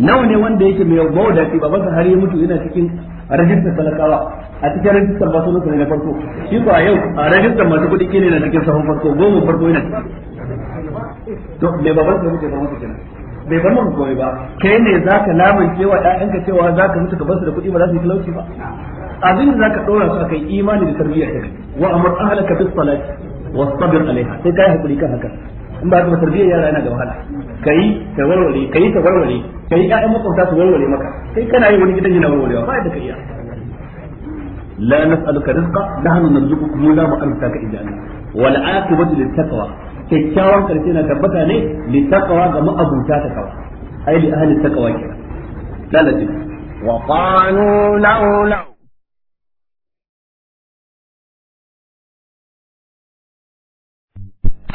nawa ne wanda yake mai bau da babansa har ya mutu yana cikin rajistar talakawa a cikin rajistar masu mutane na farko shi ko a yau a rajistar masu kuɗi kene na cikin sahun farko goma farko yana to me baban ka muke ba muke kenan bai bar maka komai ba kai ne zaka lamunce wa ƴaƴanka cewa zaka mutu ka bar su da kuɗi ba za su yi talauci ba abin da zaka dora su akai imani da tarbiyya ta kai wa amr ahlaka bis salati wastabir alaiha sai kai hakuri kan haka in ba ka tarbiyya yara yana da wahala kai ta warware kai ta warware kai ƴaƴan makwabta su warware maka kai kana yi wani gidan yana warwarewa ba da kai ya la nas'aluka rizqa nahnu narzuquka mu la ma'aluka ka idan wal aqibatu lit taqwa kyakkyawan karshe na tabbata ne li taqwa ga ma'abuta taqwa ai li ahli taqwa ke lalace wa qalu laula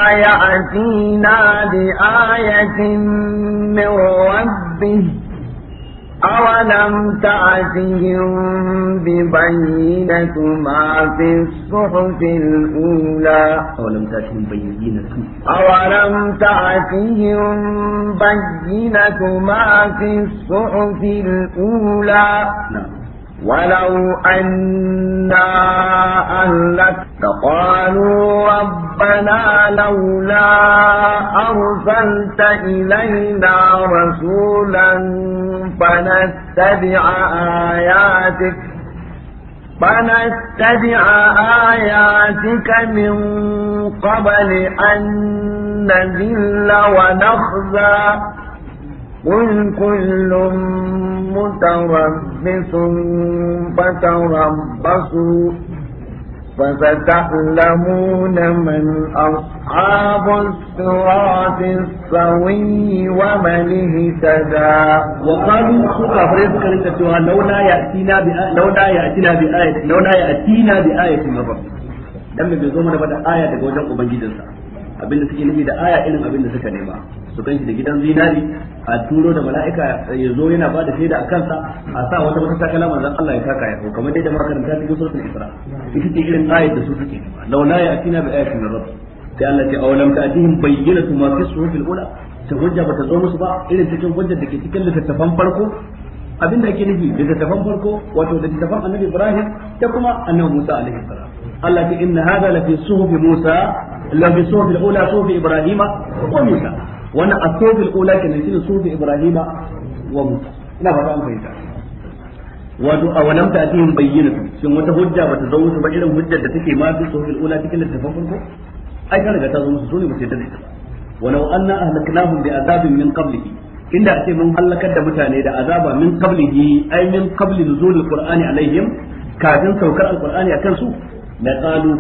يأتينا بآية من ربه أولم تأتهم ببينة ما في الصحف الأولى أولم تأتهم بينة أولم تأتهم بينة ما في الصحف الأولى نعم ولو أنا أهلك قالوا ربنا لولا أرسلت إلينا رسولا فنتبع آياتك فنتبع آياتك من قبل أن نذل ونخزى قل كل متربص فتربصوا فستعلمون من أصحاب الصراط السوي ومن اهتدى وقالوا سوكا فريسكا لتتوها لولا يأتينا بآية لولا يأتينا بآية لولا يأتينا بآية من ربنا لما بيزومنا بدأ آية تقول لكم بنجد الساعة abinda suke nufi da aya irin abinda suka nema su kanshi da gidan zinari a turo da mala'ika ya zo yana ba da shaida a kansa a sa wata wata takala manzon Allah ya taka ya kamar dai da makaranta cikin suratul isra ita ce irin ayat da su suke nema laula ya atina bi ayatin min rabb sai Allah ce awalam ta'tihim bayyinatu ma fi suhufil ula ta hujja bata zo musu ba irin cikin hujjar da ke cikin littattafan farko abinda ake nufi littattafan farko wato littattafan annabi Ibrahim da kuma annabi Musa alaihi salam Allah ta inna hadha la fi suhufi Musa la fi suhufi al-ula suhufi wa Musa wannan as-suhufi al-ula kenan shine suhufi Ibrahim wa Musa ina fata fahimta wato a walam ta atihim bayyinatu shin wata hujja bata zo musu ba irin hujjar ga ta ولو أن أهلكناهم بعذاب من قبله inda ake mun halakar da mutane da azaba min qablihi ay min qabli nuzul alqur'ani alaihim kafin saukar alqur'ani a kansu? na kalu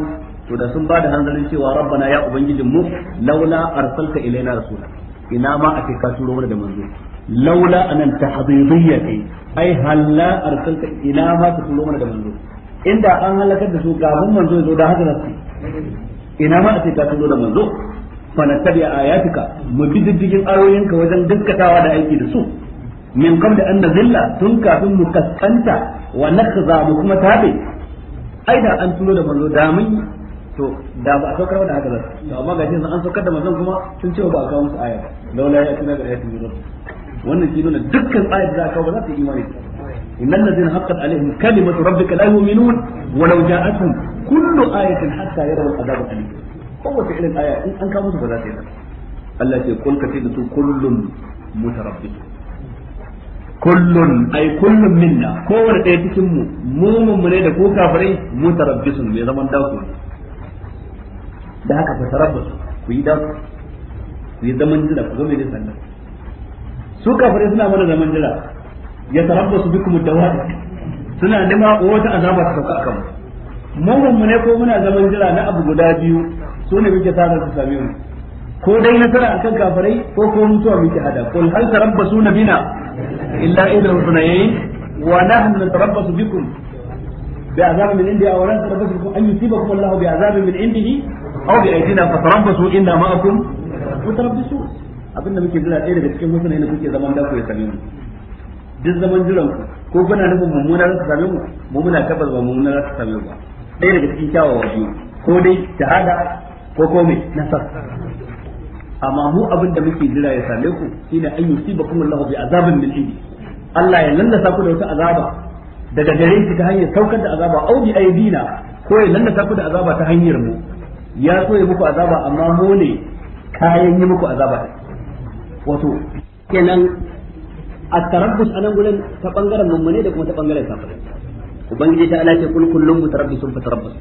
to da sun ba da hanzarin cewa rabbana ya ubangijin mu laula arsalta ilaina rasula ina ma a ce ka turo mana da manzo laula anan tahdhidiyya kai ai halla arsalta ina ma ka turo mana da manzo inda an halakar da su kafin manzo ya zo da haka zasu ina ma a ce ka turo da manzo fa tabi ayatika mu bi diddigin ayoyinka wajen dukkatawa da aiki da su min qabl an nazilla tun kafin mu kaskanta wa nakhza mu kuma tabe ai da an turo da manzo da mun to da ba a saukar ba da haka ba to amma ga yanzu an saukar da manzon kuma sun ce ba a kawo musu aya laula ya tuna da ayatin zuwa wannan shi nuna dukkan ayat da aka kawo ba za ta yi imani إن الذين حقت عليهم كلمة ربك لا يؤمنون ولو جاءتهم كل آية حتى يروا kawo الأليم هو فعل الآية إن أنكروا فلا تيلا التي قل كثيرة كل متربص kullun ai kullun minna kowane ɗaya cikin mu mu ne da ko kafirai mu tarabbisun mai zaman dako ne da haka fa tarabbasu ku yi dako ku yi zaman jira ku ga ne sannan su kafirai suna mana zaman jira ya tarabbasu mu dawa suna nema wata azaba ta sauka kan mu mu ne ko muna zaman jira na abu guda biyu su ne muke sa su same mu ko dai nasara akan kafirai ko ko mutuwa muke hada kul hal tarabbasuna bina illa idan sunayayi wa nahnu natarabbasu bikum بعذاب من عنده أو لن تربصكم أن يصيبكم الله بعذاب من عنده أو بأيدينا فتربصوا إنا معكم متربصون abin da muke jira ɗaya daga cikin mutane ne kuke zaman dako ya same mu duk zaman jiran ku ko kuna nufin mummuna za su same mu mu muna tabbas ba mummuna za su same mu ba ɗaya daga cikin kyawawa biyu ko dai shahada ko komai me nasar amma mu abin da muke jira ya same ku shine an yusibakum Allahu bi azabin min indi Allah ya lallasa ku da wata azaba daga gare shi ta hanyar saukar da azaba au bi aidina ko ya lallasa ku da azaba ta hanyar mu ya so ya muku azaba amma mu ne kayan yi muku azaba wato kenan a tarabbus a nan gurin ta bangaren mummune da kuma ta bangaren kafirai ubangiji ta alace kul kullum mutarabbisun fa tarabbus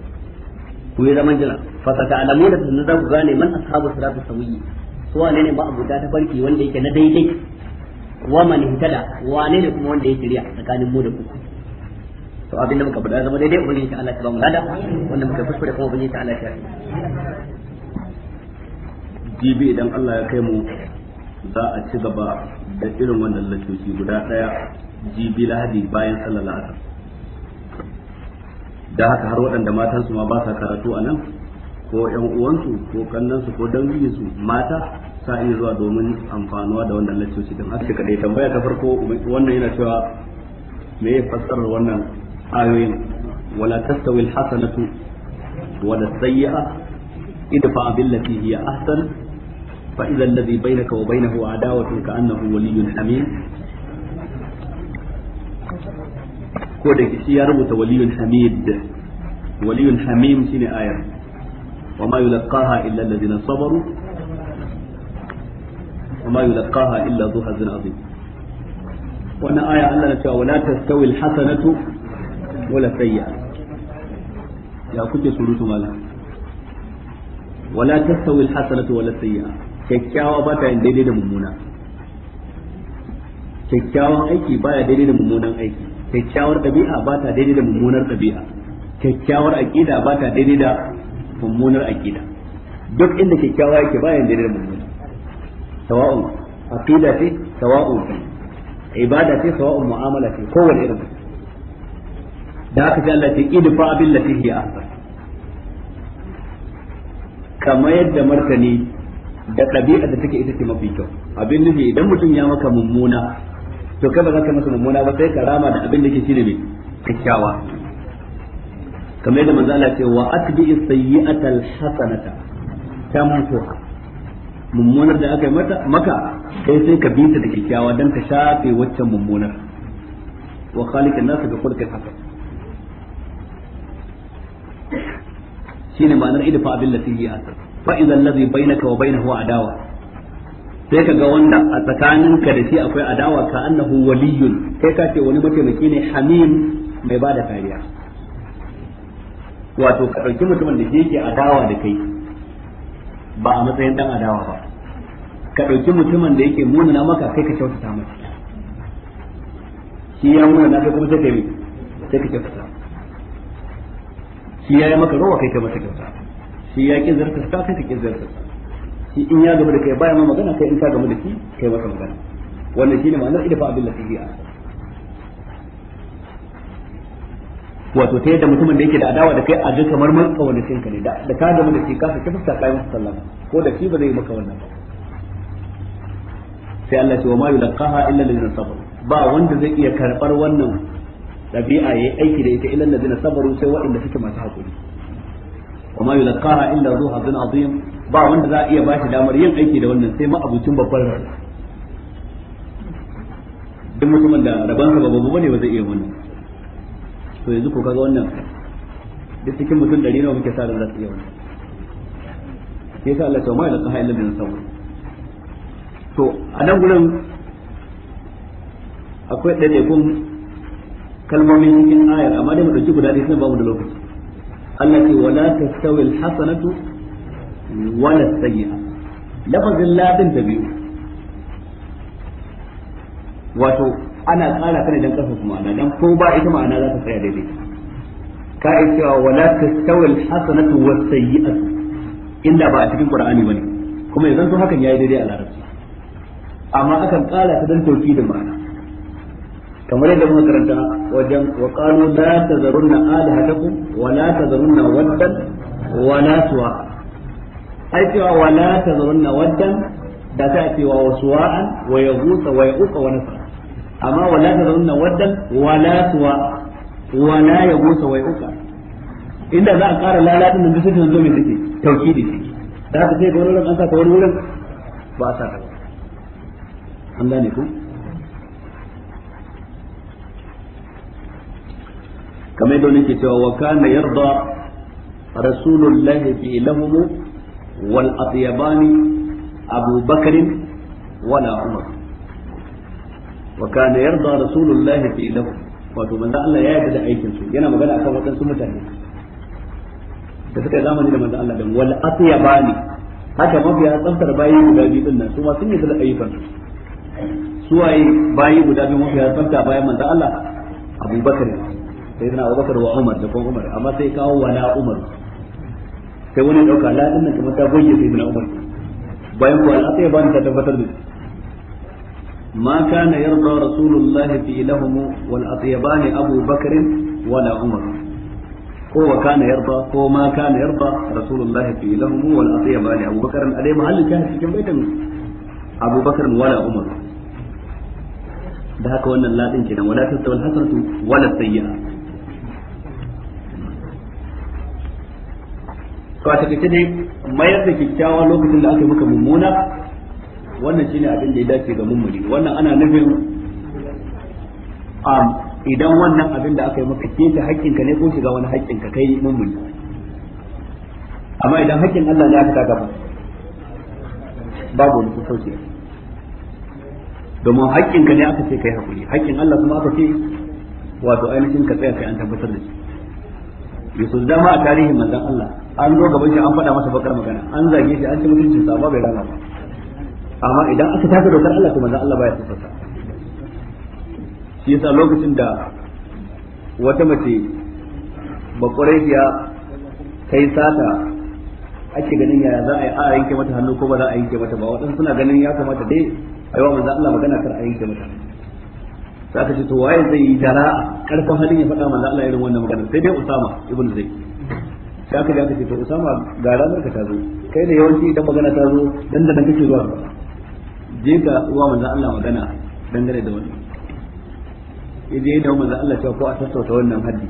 ku yi zaman jira fa ta ta'lamuna da za ku gane man ashabu sirati sawiyyi su wane ne ba abuda ta farki wanda yake na daidai wa man ihtada wane ne kuma wanda yake riya tsakanin mu da ku to abin da muka faɗa zama daidai ubangi ta Allah ta ba mu lada wanda muka fuskura kuma ubangi ta Allah ta jibi idan Allah ya kai mu za a ci gaba da irin wannan lokaci guda daya jibi lahadi bayan sallar asar da haka har waɗanda matan su ma ba sa karatu a nan ko yan uwansu ko kannansu ko danginsu mata sa iya zuwa domin amfanuwa da wannan laccoci don haka kadai tambaya ta farko wannan yana cewa me ya fassarar wannan ayoyin wala tastawi alhasanatu wala sayyi'a idfa billati hiya ahsan fa idha alladhi bainaka wa bainahu adawatun ka annahu waliyyun hamim ko da shi ya rubuta waliyun hamid waliyun hamim shine ayar وما يلقاها إلا الذين صبروا وما يلقاها إلا ذو حظ عظيم وانا آية الله نشاء ولا تستوي الحسنة ولا سيئة يا كنت سورة مالا ولا تستوي الحسنة ولا سيئة kyakkyawa ba ta yin daidai da mummuna kyakkyawan aiki ba ya daidai da mummunan aiki kyakkyawar ɗabi'a ba ta daidai da ɗabi'a kyakkyawar aƙida ba ta daidai da mummunar aqida duk inda kyakkyawa yake bayan da mummuna sawa'un aqida ce sawa'un ibada ce sawa'un mu'amala ce kowane irin da aka ce Allah ce idfa billati hi ahsan kamar yadda martani da ɗabi'a da take ita ce mafi kyau abin nufi idan mutum ya maka mummuna to kai ba za ka masa mummuna ba sai ka rama da abin da ke shine mai kyakkyawa kamar yadda manzo Allah ce wa atbi sayyi'ata ta tamtuha mummunar da aka yi mata maka kai sai ka bi ta da kyakkyawa dan ka shafe waccan mummunar wa khaliqan nas bi khulqin hasan shine ma'anar idfa bil lati hi asar fa idan ladhi bainaka wa bainahu adawa sai ka ga wanda a tsakaninka da shi akwai adawa ka annahu waliyun kai ka ce wani mataimaki ne hamim mai bada kariya wato ka ɗauki mutumin da yake adawa da kai ba a matsayin dan adawa ba ka ɗauki mutumin da yake munana maka kai ka kyautata masa shi ya munana kai kuma sai ka sai ka kyautata shi ya yi maka rawa kai ka masa kyauta shi ya ƙi zarta ka kai ka ƙi zarta shi in ya gaba da kai baya ma magana kai in ka gaba da shi kai masa magana wannan shine ma'anar idafa abin lafiya wato ta yadda mutumin da yake da adawa da kai a ji kamar man kawalin ka ne da ka gama da shi ka saki fuska kai masa sallama ko da shi ba zai maka wannan ba sai Allah ce wa ma yulqaha illa lil sabr ba wanda zai iya karbar wannan dabi'a yayi aiki da ita illa lil sabaru sai waɗanda suke masu hakuri wa ma yulqaha illa zu hadin azim ba wanda za a iya bashi damar yin aiki da wannan sai ma abucin babbar rana duk mutumin da rabansa ba babu bane ba zai iya wannan to yanzu ko kaga wannan duk cikin mutum ɗari nawa muke sa ran za su iya wannan sai sa Allah ta mai da tsaha illa bin sabu to a nan gurin akwai ɗaiɗaikun kalmomin cikin ayar amma dai mu ɗauki guda ɗaya sun ba mu da lokaci Allah ce wala tastawi alhasanatu wala sayyi'a lafazin ladin da biyu wato ana ƙara ta ne dan kasa kuma ana dan ko ba ita ma'ana za ta tsaya daidai ka yi cewa wala tastawi alhasanatu wasayyi'atu inda ba a cikin qur'ani bane kuma yanzu to hakan yayi daidai a larabci amma akan ƙara ta dan tauki da ma'ana kamar yadda muka karanta wajen wa qalu la tazarunna alahatakum wa la tazarunna waddan wa la suwa ai cewa wa la tazarunna waddan da ta cewa wa suwa'an wa yaghutha wa ya'uqa wa nasra amma wala ta zauna waddan wala tuwa wala ya gusa wai uka inda za a ƙara lalatin nan duk sun zo mai take tauhidi da Za sai ga wani an sa ta wani wurin ba a sa ta an gane ku kamar yadda nake cewa wa kana yarda rasulullahi fi lahumu wal atyabani abu bakarin wala umar wa kana yarda rasulullahi fi lahu wato manzo Allah ya yarda da aikin su yana magana akan wadansu mutane da suka yi zamani da manzo Allah dan wal bani haka mafiya tsaftar bayi guda biyu din nan su ma sun yi da ayyukan su waye bayi guda biyu mafiya tsafta bayan manzo Allah Abu Abubakar Abu Abubakar wa Umar da kuma Umar amma sai kawo wala Umar sai wani dauka la din nan kamar ta goyye sayyidina Umar bayan ko al bani ta tabbatar da ما كان يرضى رسول الله في لهم والأطيبان أبو بكر ولا عمر هو كان يرضى هو ما كان يرضى رسول الله في لهم والأطيبان أبو بكر أليه محل كان في كم أبو بكر ولا عمر da haka wannan ladin kenan wala tasawal hasanatu wala sayyi'a to a take dai mayar da kyakkyawa lokacin da aka maka mummuna wannan shine abin da ya dace ga mummuni wannan ana nufin idan wannan abin da aka yi maka keta haƙƙinka ne ko shiga wani haƙƙinka kai mummuni amma idan haƙƙin Allah ne aka gaba babu wani sauki domin haƙƙinka ne aka ce kai hakuri haƙƙin Allah kuma aka ce wato ainihin ka tsaya kai an tabbatar da shi yusuf dama a tarihin manzon Allah an zo gaban shi an faɗa masa bakar magana an zage shi an ci mutuncin sa ba bai rana ba amma idan aka taka dokar Allah to manzon Allah baya sifarta shi yasa lokacin da wata mace bakwaraiya ta yi sata ake ganin yaya za a yi a yanke mata hannu ko ba za a yanke mata ba waɗansu suna ganin ya kamata dai a yi wa manzon Allah magana kar a yanke mata za ka ce to waye zai yi jara'a karfin halin ya faɗa manzon Allah irin wannan magana sai dai Usama ibn Zaid sai ka ce to Usama ga ranar ka ta zo kai da yawanci idan magana ta zo dan da kake zuwa je ka uwa manzon Allah magana dangane da wannan ya je da manzon Allah cewa ko a tattauta wannan haddi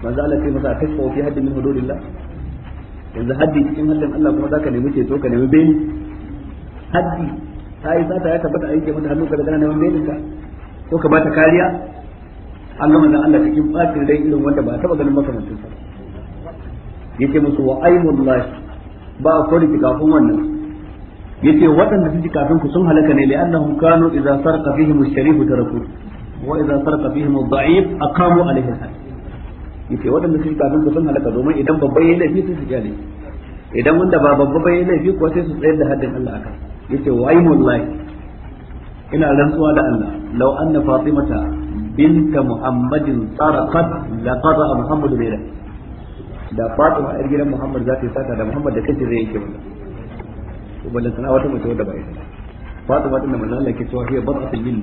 manzon Allah sai masa a kashfa fi haddin min hududillah yanzu haddi cikin haddin Allah kuma zaka nemi ceto ka nemi beni haddi ta yi sata ya tabbata a yake mata hannu ka daga neman belin ka ko ka bata kariya allah gama manzon Allah cikin bacin dai irin wanda ba a taba ganin makamantin yake musu wa aimullahi ba a rike kafin wannan yace waɗanda suke kafin ku sun halaka ne li'annahum kanu idza sarqa fihim ash-sharif taraku wa idza sarqa fihim ad-da'if aqamu alayhi al-had yace waɗanda suke kafin ku sun halaka domin idan babban yayi laifi sai su kyale idan wanda ba babba ba yayi laifi ko sai su tsayar da haddin Allah akan yace wa aymullahi ina rantsuwa da Allah law anna fatimata binta muhammadin sarqat laqada muhammadu bi da fatima a gidan muhammad za ta saka da muhammad da kace zai yake wannan ballan sana'a wata mace wadda ba ita ba fatima din nan Allah ke cewa hiya bar'atul min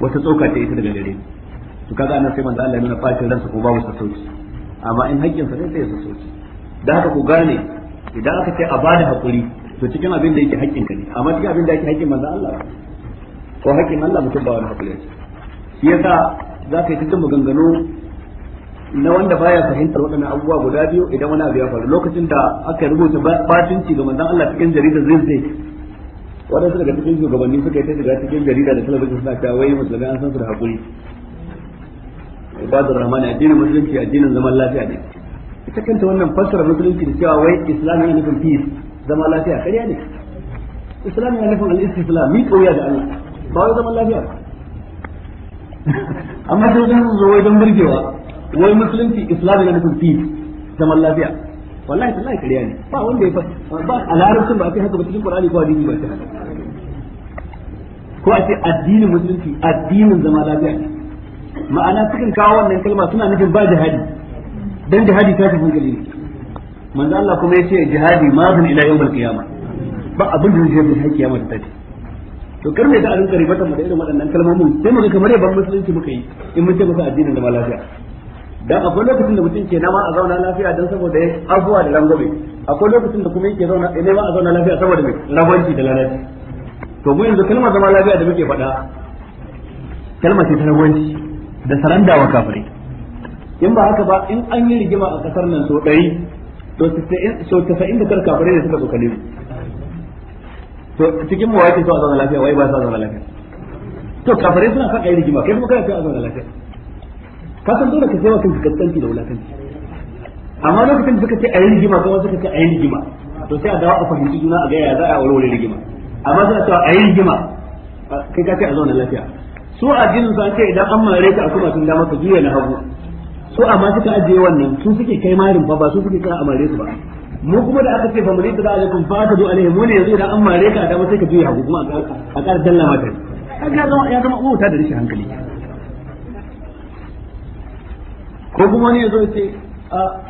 wata tsoka ce ita daga gare to kaga anan sai manzo Allah ya nuna fatin ransa ko babu sassauci amma in hakkin sa sai ya sassauci da haka ku gane idan aka ce a bani hakuri to cikin abin da yake hakkin ka ne amma cikin abin da yake hakkin manzo Allah ko hakkin Allah mutum ba wani hakuri ne yasa za ka yi ta maganganu na wanda baya fahimtar waɗannan abubuwa guda biyu idan wani abu ya faru lokacin da aka rubuta batunci ga manzon Allah cikin jaridar zai Wadansu daga cikin shugabanni suka yi ta shiga cikin jarida da talabijin suna cewa wai musulmi an san su da hakuri ibadur rahman addinin musulunci addinin zaman lafiya ne ita kanta wannan fassara musulunci da cewa wai islam yana nufin peace zaman lafiya kariya ne islam yana nufin al-istislam mi koya da Allah ba wai zaman lafiya [LAUGHS] amma sai wajen zo wai don burgewa wai musulunci islami na nufin peace zaman lafiya wallahi tallahi kariya ne ba wanda ya ba a larabcin ba a kai haka ba cikin qur'ani ko hadisi ba haka ko a ce addinin musulunci addinin zaman lafiya ma'ana cikin kawo wannan kalma suna nufin ba jihadi dan jihadi ta tafi gari ne manzo Allah kuma ce jihadi mazan ila yawmal qiyamah ba abin da zai bi kiyama ta tafi to karne da a rinka ribata mu da irin waɗannan kalmomin sai mu ga kamar yaban musulunci muka yi in mun ce masa addinin zama lafiya dan akwai lokacin da mutum ke nama a zauna lafiya dan saboda abuwa da langobe akwai lokacin da kuma yake zauna nema a zauna lafiya saboda mai rabanci da lalaci to mu yanzu kalmar zama lafiya da muke faɗa kalmar ce ta rabanci da saranda wa kafirai in ba haka ba in an yi rigima a kasar nan so ɗari so tasa'in da kar kafirai ne suka zo kalimu to cikin mu wace so a zauna lafiya wai ba sa zauna lafiya to kafirai suna son a rigima kai kuma kana so a zauna lafiya ka san dole ka je kanka kaskanci da wulakanci amma lokacin da suka ce ayi gima, kuma suka ce ayi gima, to sai a dawo a fahimci juna a ga ya za a warware rigima amma suna cewa ayi gima. kai ka ce a zauna lafiya su a jinin su an ce idan an mare ka a kuma tun dama ka juya na hagu su amma suka ajiye wannan su suke kai marin fa ba su suke kai mare su ba mu kuma da aka ce fa mulita da alaikum fa ta zo alaihi mu ne yanzu idan an mare ka a da sai ka juya hagu kuma a ƙara dallama ta ya zama ya zama ta da rishin hankali ko kuma wani ya zo ce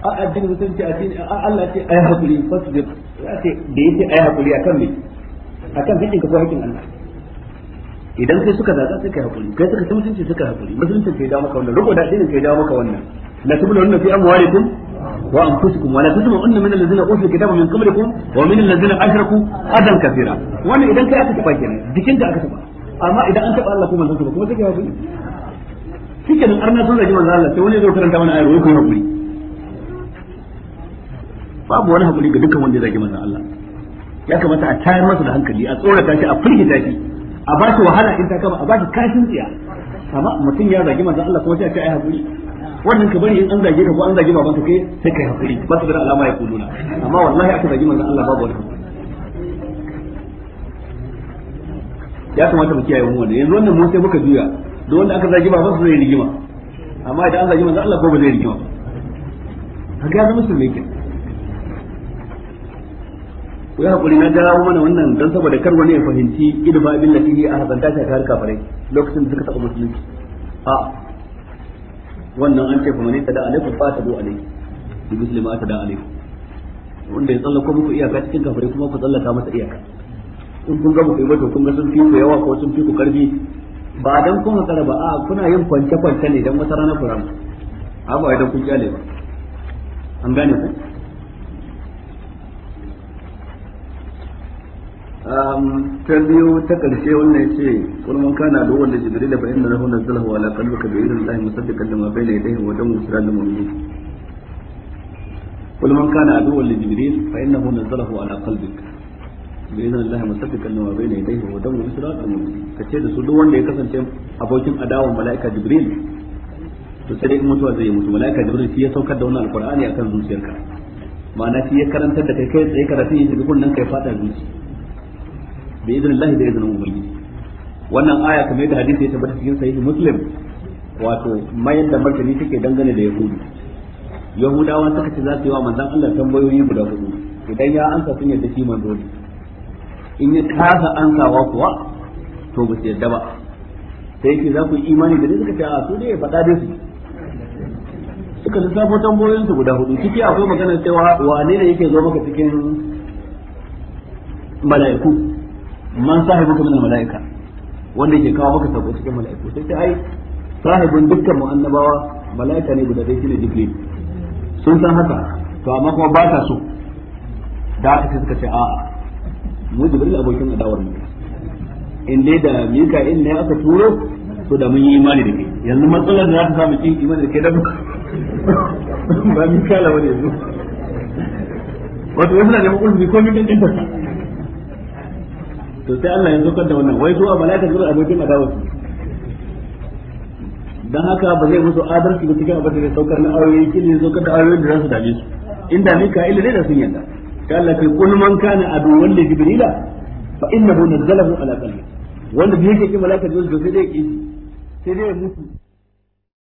a addini mutunci addini a Allah ce ayi hakuri fasbir ya ce da yake ayi hakuri akan me akan hakkin ka ko hakkin Allah idan sai suka zaga suka yi hakuri kai suka ce suka hakuri musulunci kai dawo maka wannan riko da addinin kai dawo maka wannan la tubluna fi amwalikum wa anfusikum wa la tuzmun min allazina utul kitaba min qablikum wa min allazina ashraku adan kathira wannan idan kai aka taba kenan jikin da aka taba amma idan an taba Allah kuma manzon kuma sai kai hakuri kike nan arna sun zagi manzo Allah sai wani zo karanta mana ayar wai ku hakuri babu wani hakuri ga dukkan wanda ya zagi manzo Allah ya kamata a tayar masa da hankali a tsorata shi a firgita shi a ba shi wahala in ta kama a ba shi kashin tsiya amma mutum ya zagi manzo Allah kuma sai a ce ai hakuri wannan ka bari in an zage ka ko an zage babanka kai sai kai hakuri ba su da alama ya kuluna amma wallahi aka zagi manzo Allah babu wani ya kamata mu kiyaye wannan yanzu wannan mu sai muka juya duk wanda aka zagi ba su zai rigima amma idan an zagi manzo Allah ko ba zai rigima ka ga zama su ke ku ya hakuri na jarawo mana wannan dan saboda kar wani ya fahimci idfa bil abin hi a hadanta ta har kafirai lokacin da suka taba musulunci a wannan an ce fa mani tada alaikum fa tadu alaikum bi muslima tada alaikum wanda ya tsallaka muku iyaka cikin kafirai kuma ku tsallaka masa iyaka in kun ga muku to kun ga sun fi ku yawa ko sun fi ku karfi ba dan kun hakara ba a kuna yin kwance kwance ne dan wata rana kuran a ba idan kun kyale ba an gane ku ta biyu ta karshe wannan ce kulmun kana da wanda jibril fa inna lahu nazzalahu ala qalbika bi idhni llahi musaddiqan lima bayna yadayhi wa dawu sirran lil mu'minin kulmun kana da wanda jibril fa innahu nazzalahu ala qalbika bi idan Allah musaddiqan lima bayna da wa dawu bisra ka ce da su duk wanda ya kasance abokin adawan mala'ika jibril to sai in mutuwa zai mutu mala'ika jibril shi ya saukar da wannan alqur'ani akan zuciyarka ma'ana shi ya karantar da kai kai tsaye karatun yin shiga wannan kai fada zuci bi idan Allah da izinin ubangiji wannan aya kamar yadda hadisi ya tabbata cikin sahihi muslim wato mayar da martani take dangane da yahudi yahudawa suka ce za su yi wa manzon Allah tambayoyi guda hudu idan ya ansa sun yadda shi manzo ne in ya kasa ansawa kuwa to ba su yadda ba sai yake za ku yi imani da ne suka ce a su ne ya faɗa da su suka sabo tambayoyin su guda hudu ciki akwai magana cewa wane ne yake zo maka cikin mala'iku man sahibu kuma mala'ika wanda yake kawo maka sabo cikin mala'iku sai ce ai sahibin dukkan mu'annabawa mala'ika ne guda ɗaya shine jibril sun san haka to amma kuma ba ta so da aka ce suka ce a'a mu jibril abokin adawar mu in dai da mika'il ne aka turo to da mun yi imani da kai yanzu matsalar da za ta samu cikin imani da kai da [LAUGHS] ba mu kala ne yanzu wato wasu na mun ulfi ko din ta to sai Allah yanzu kan da wannan wai zuwa malaka zuwa abokin adawar dan haka ba zai musu adalci ba cikin abin da saukar na aure kin yanzu kada aure da za su dame su inda mika'il ne da sun yanda Allah ce kun man kana aduwwan li jibrila fa innahu nazzalahu ala qalbi wanda da yake ki malaka jibril sai dai ki sai dai mutu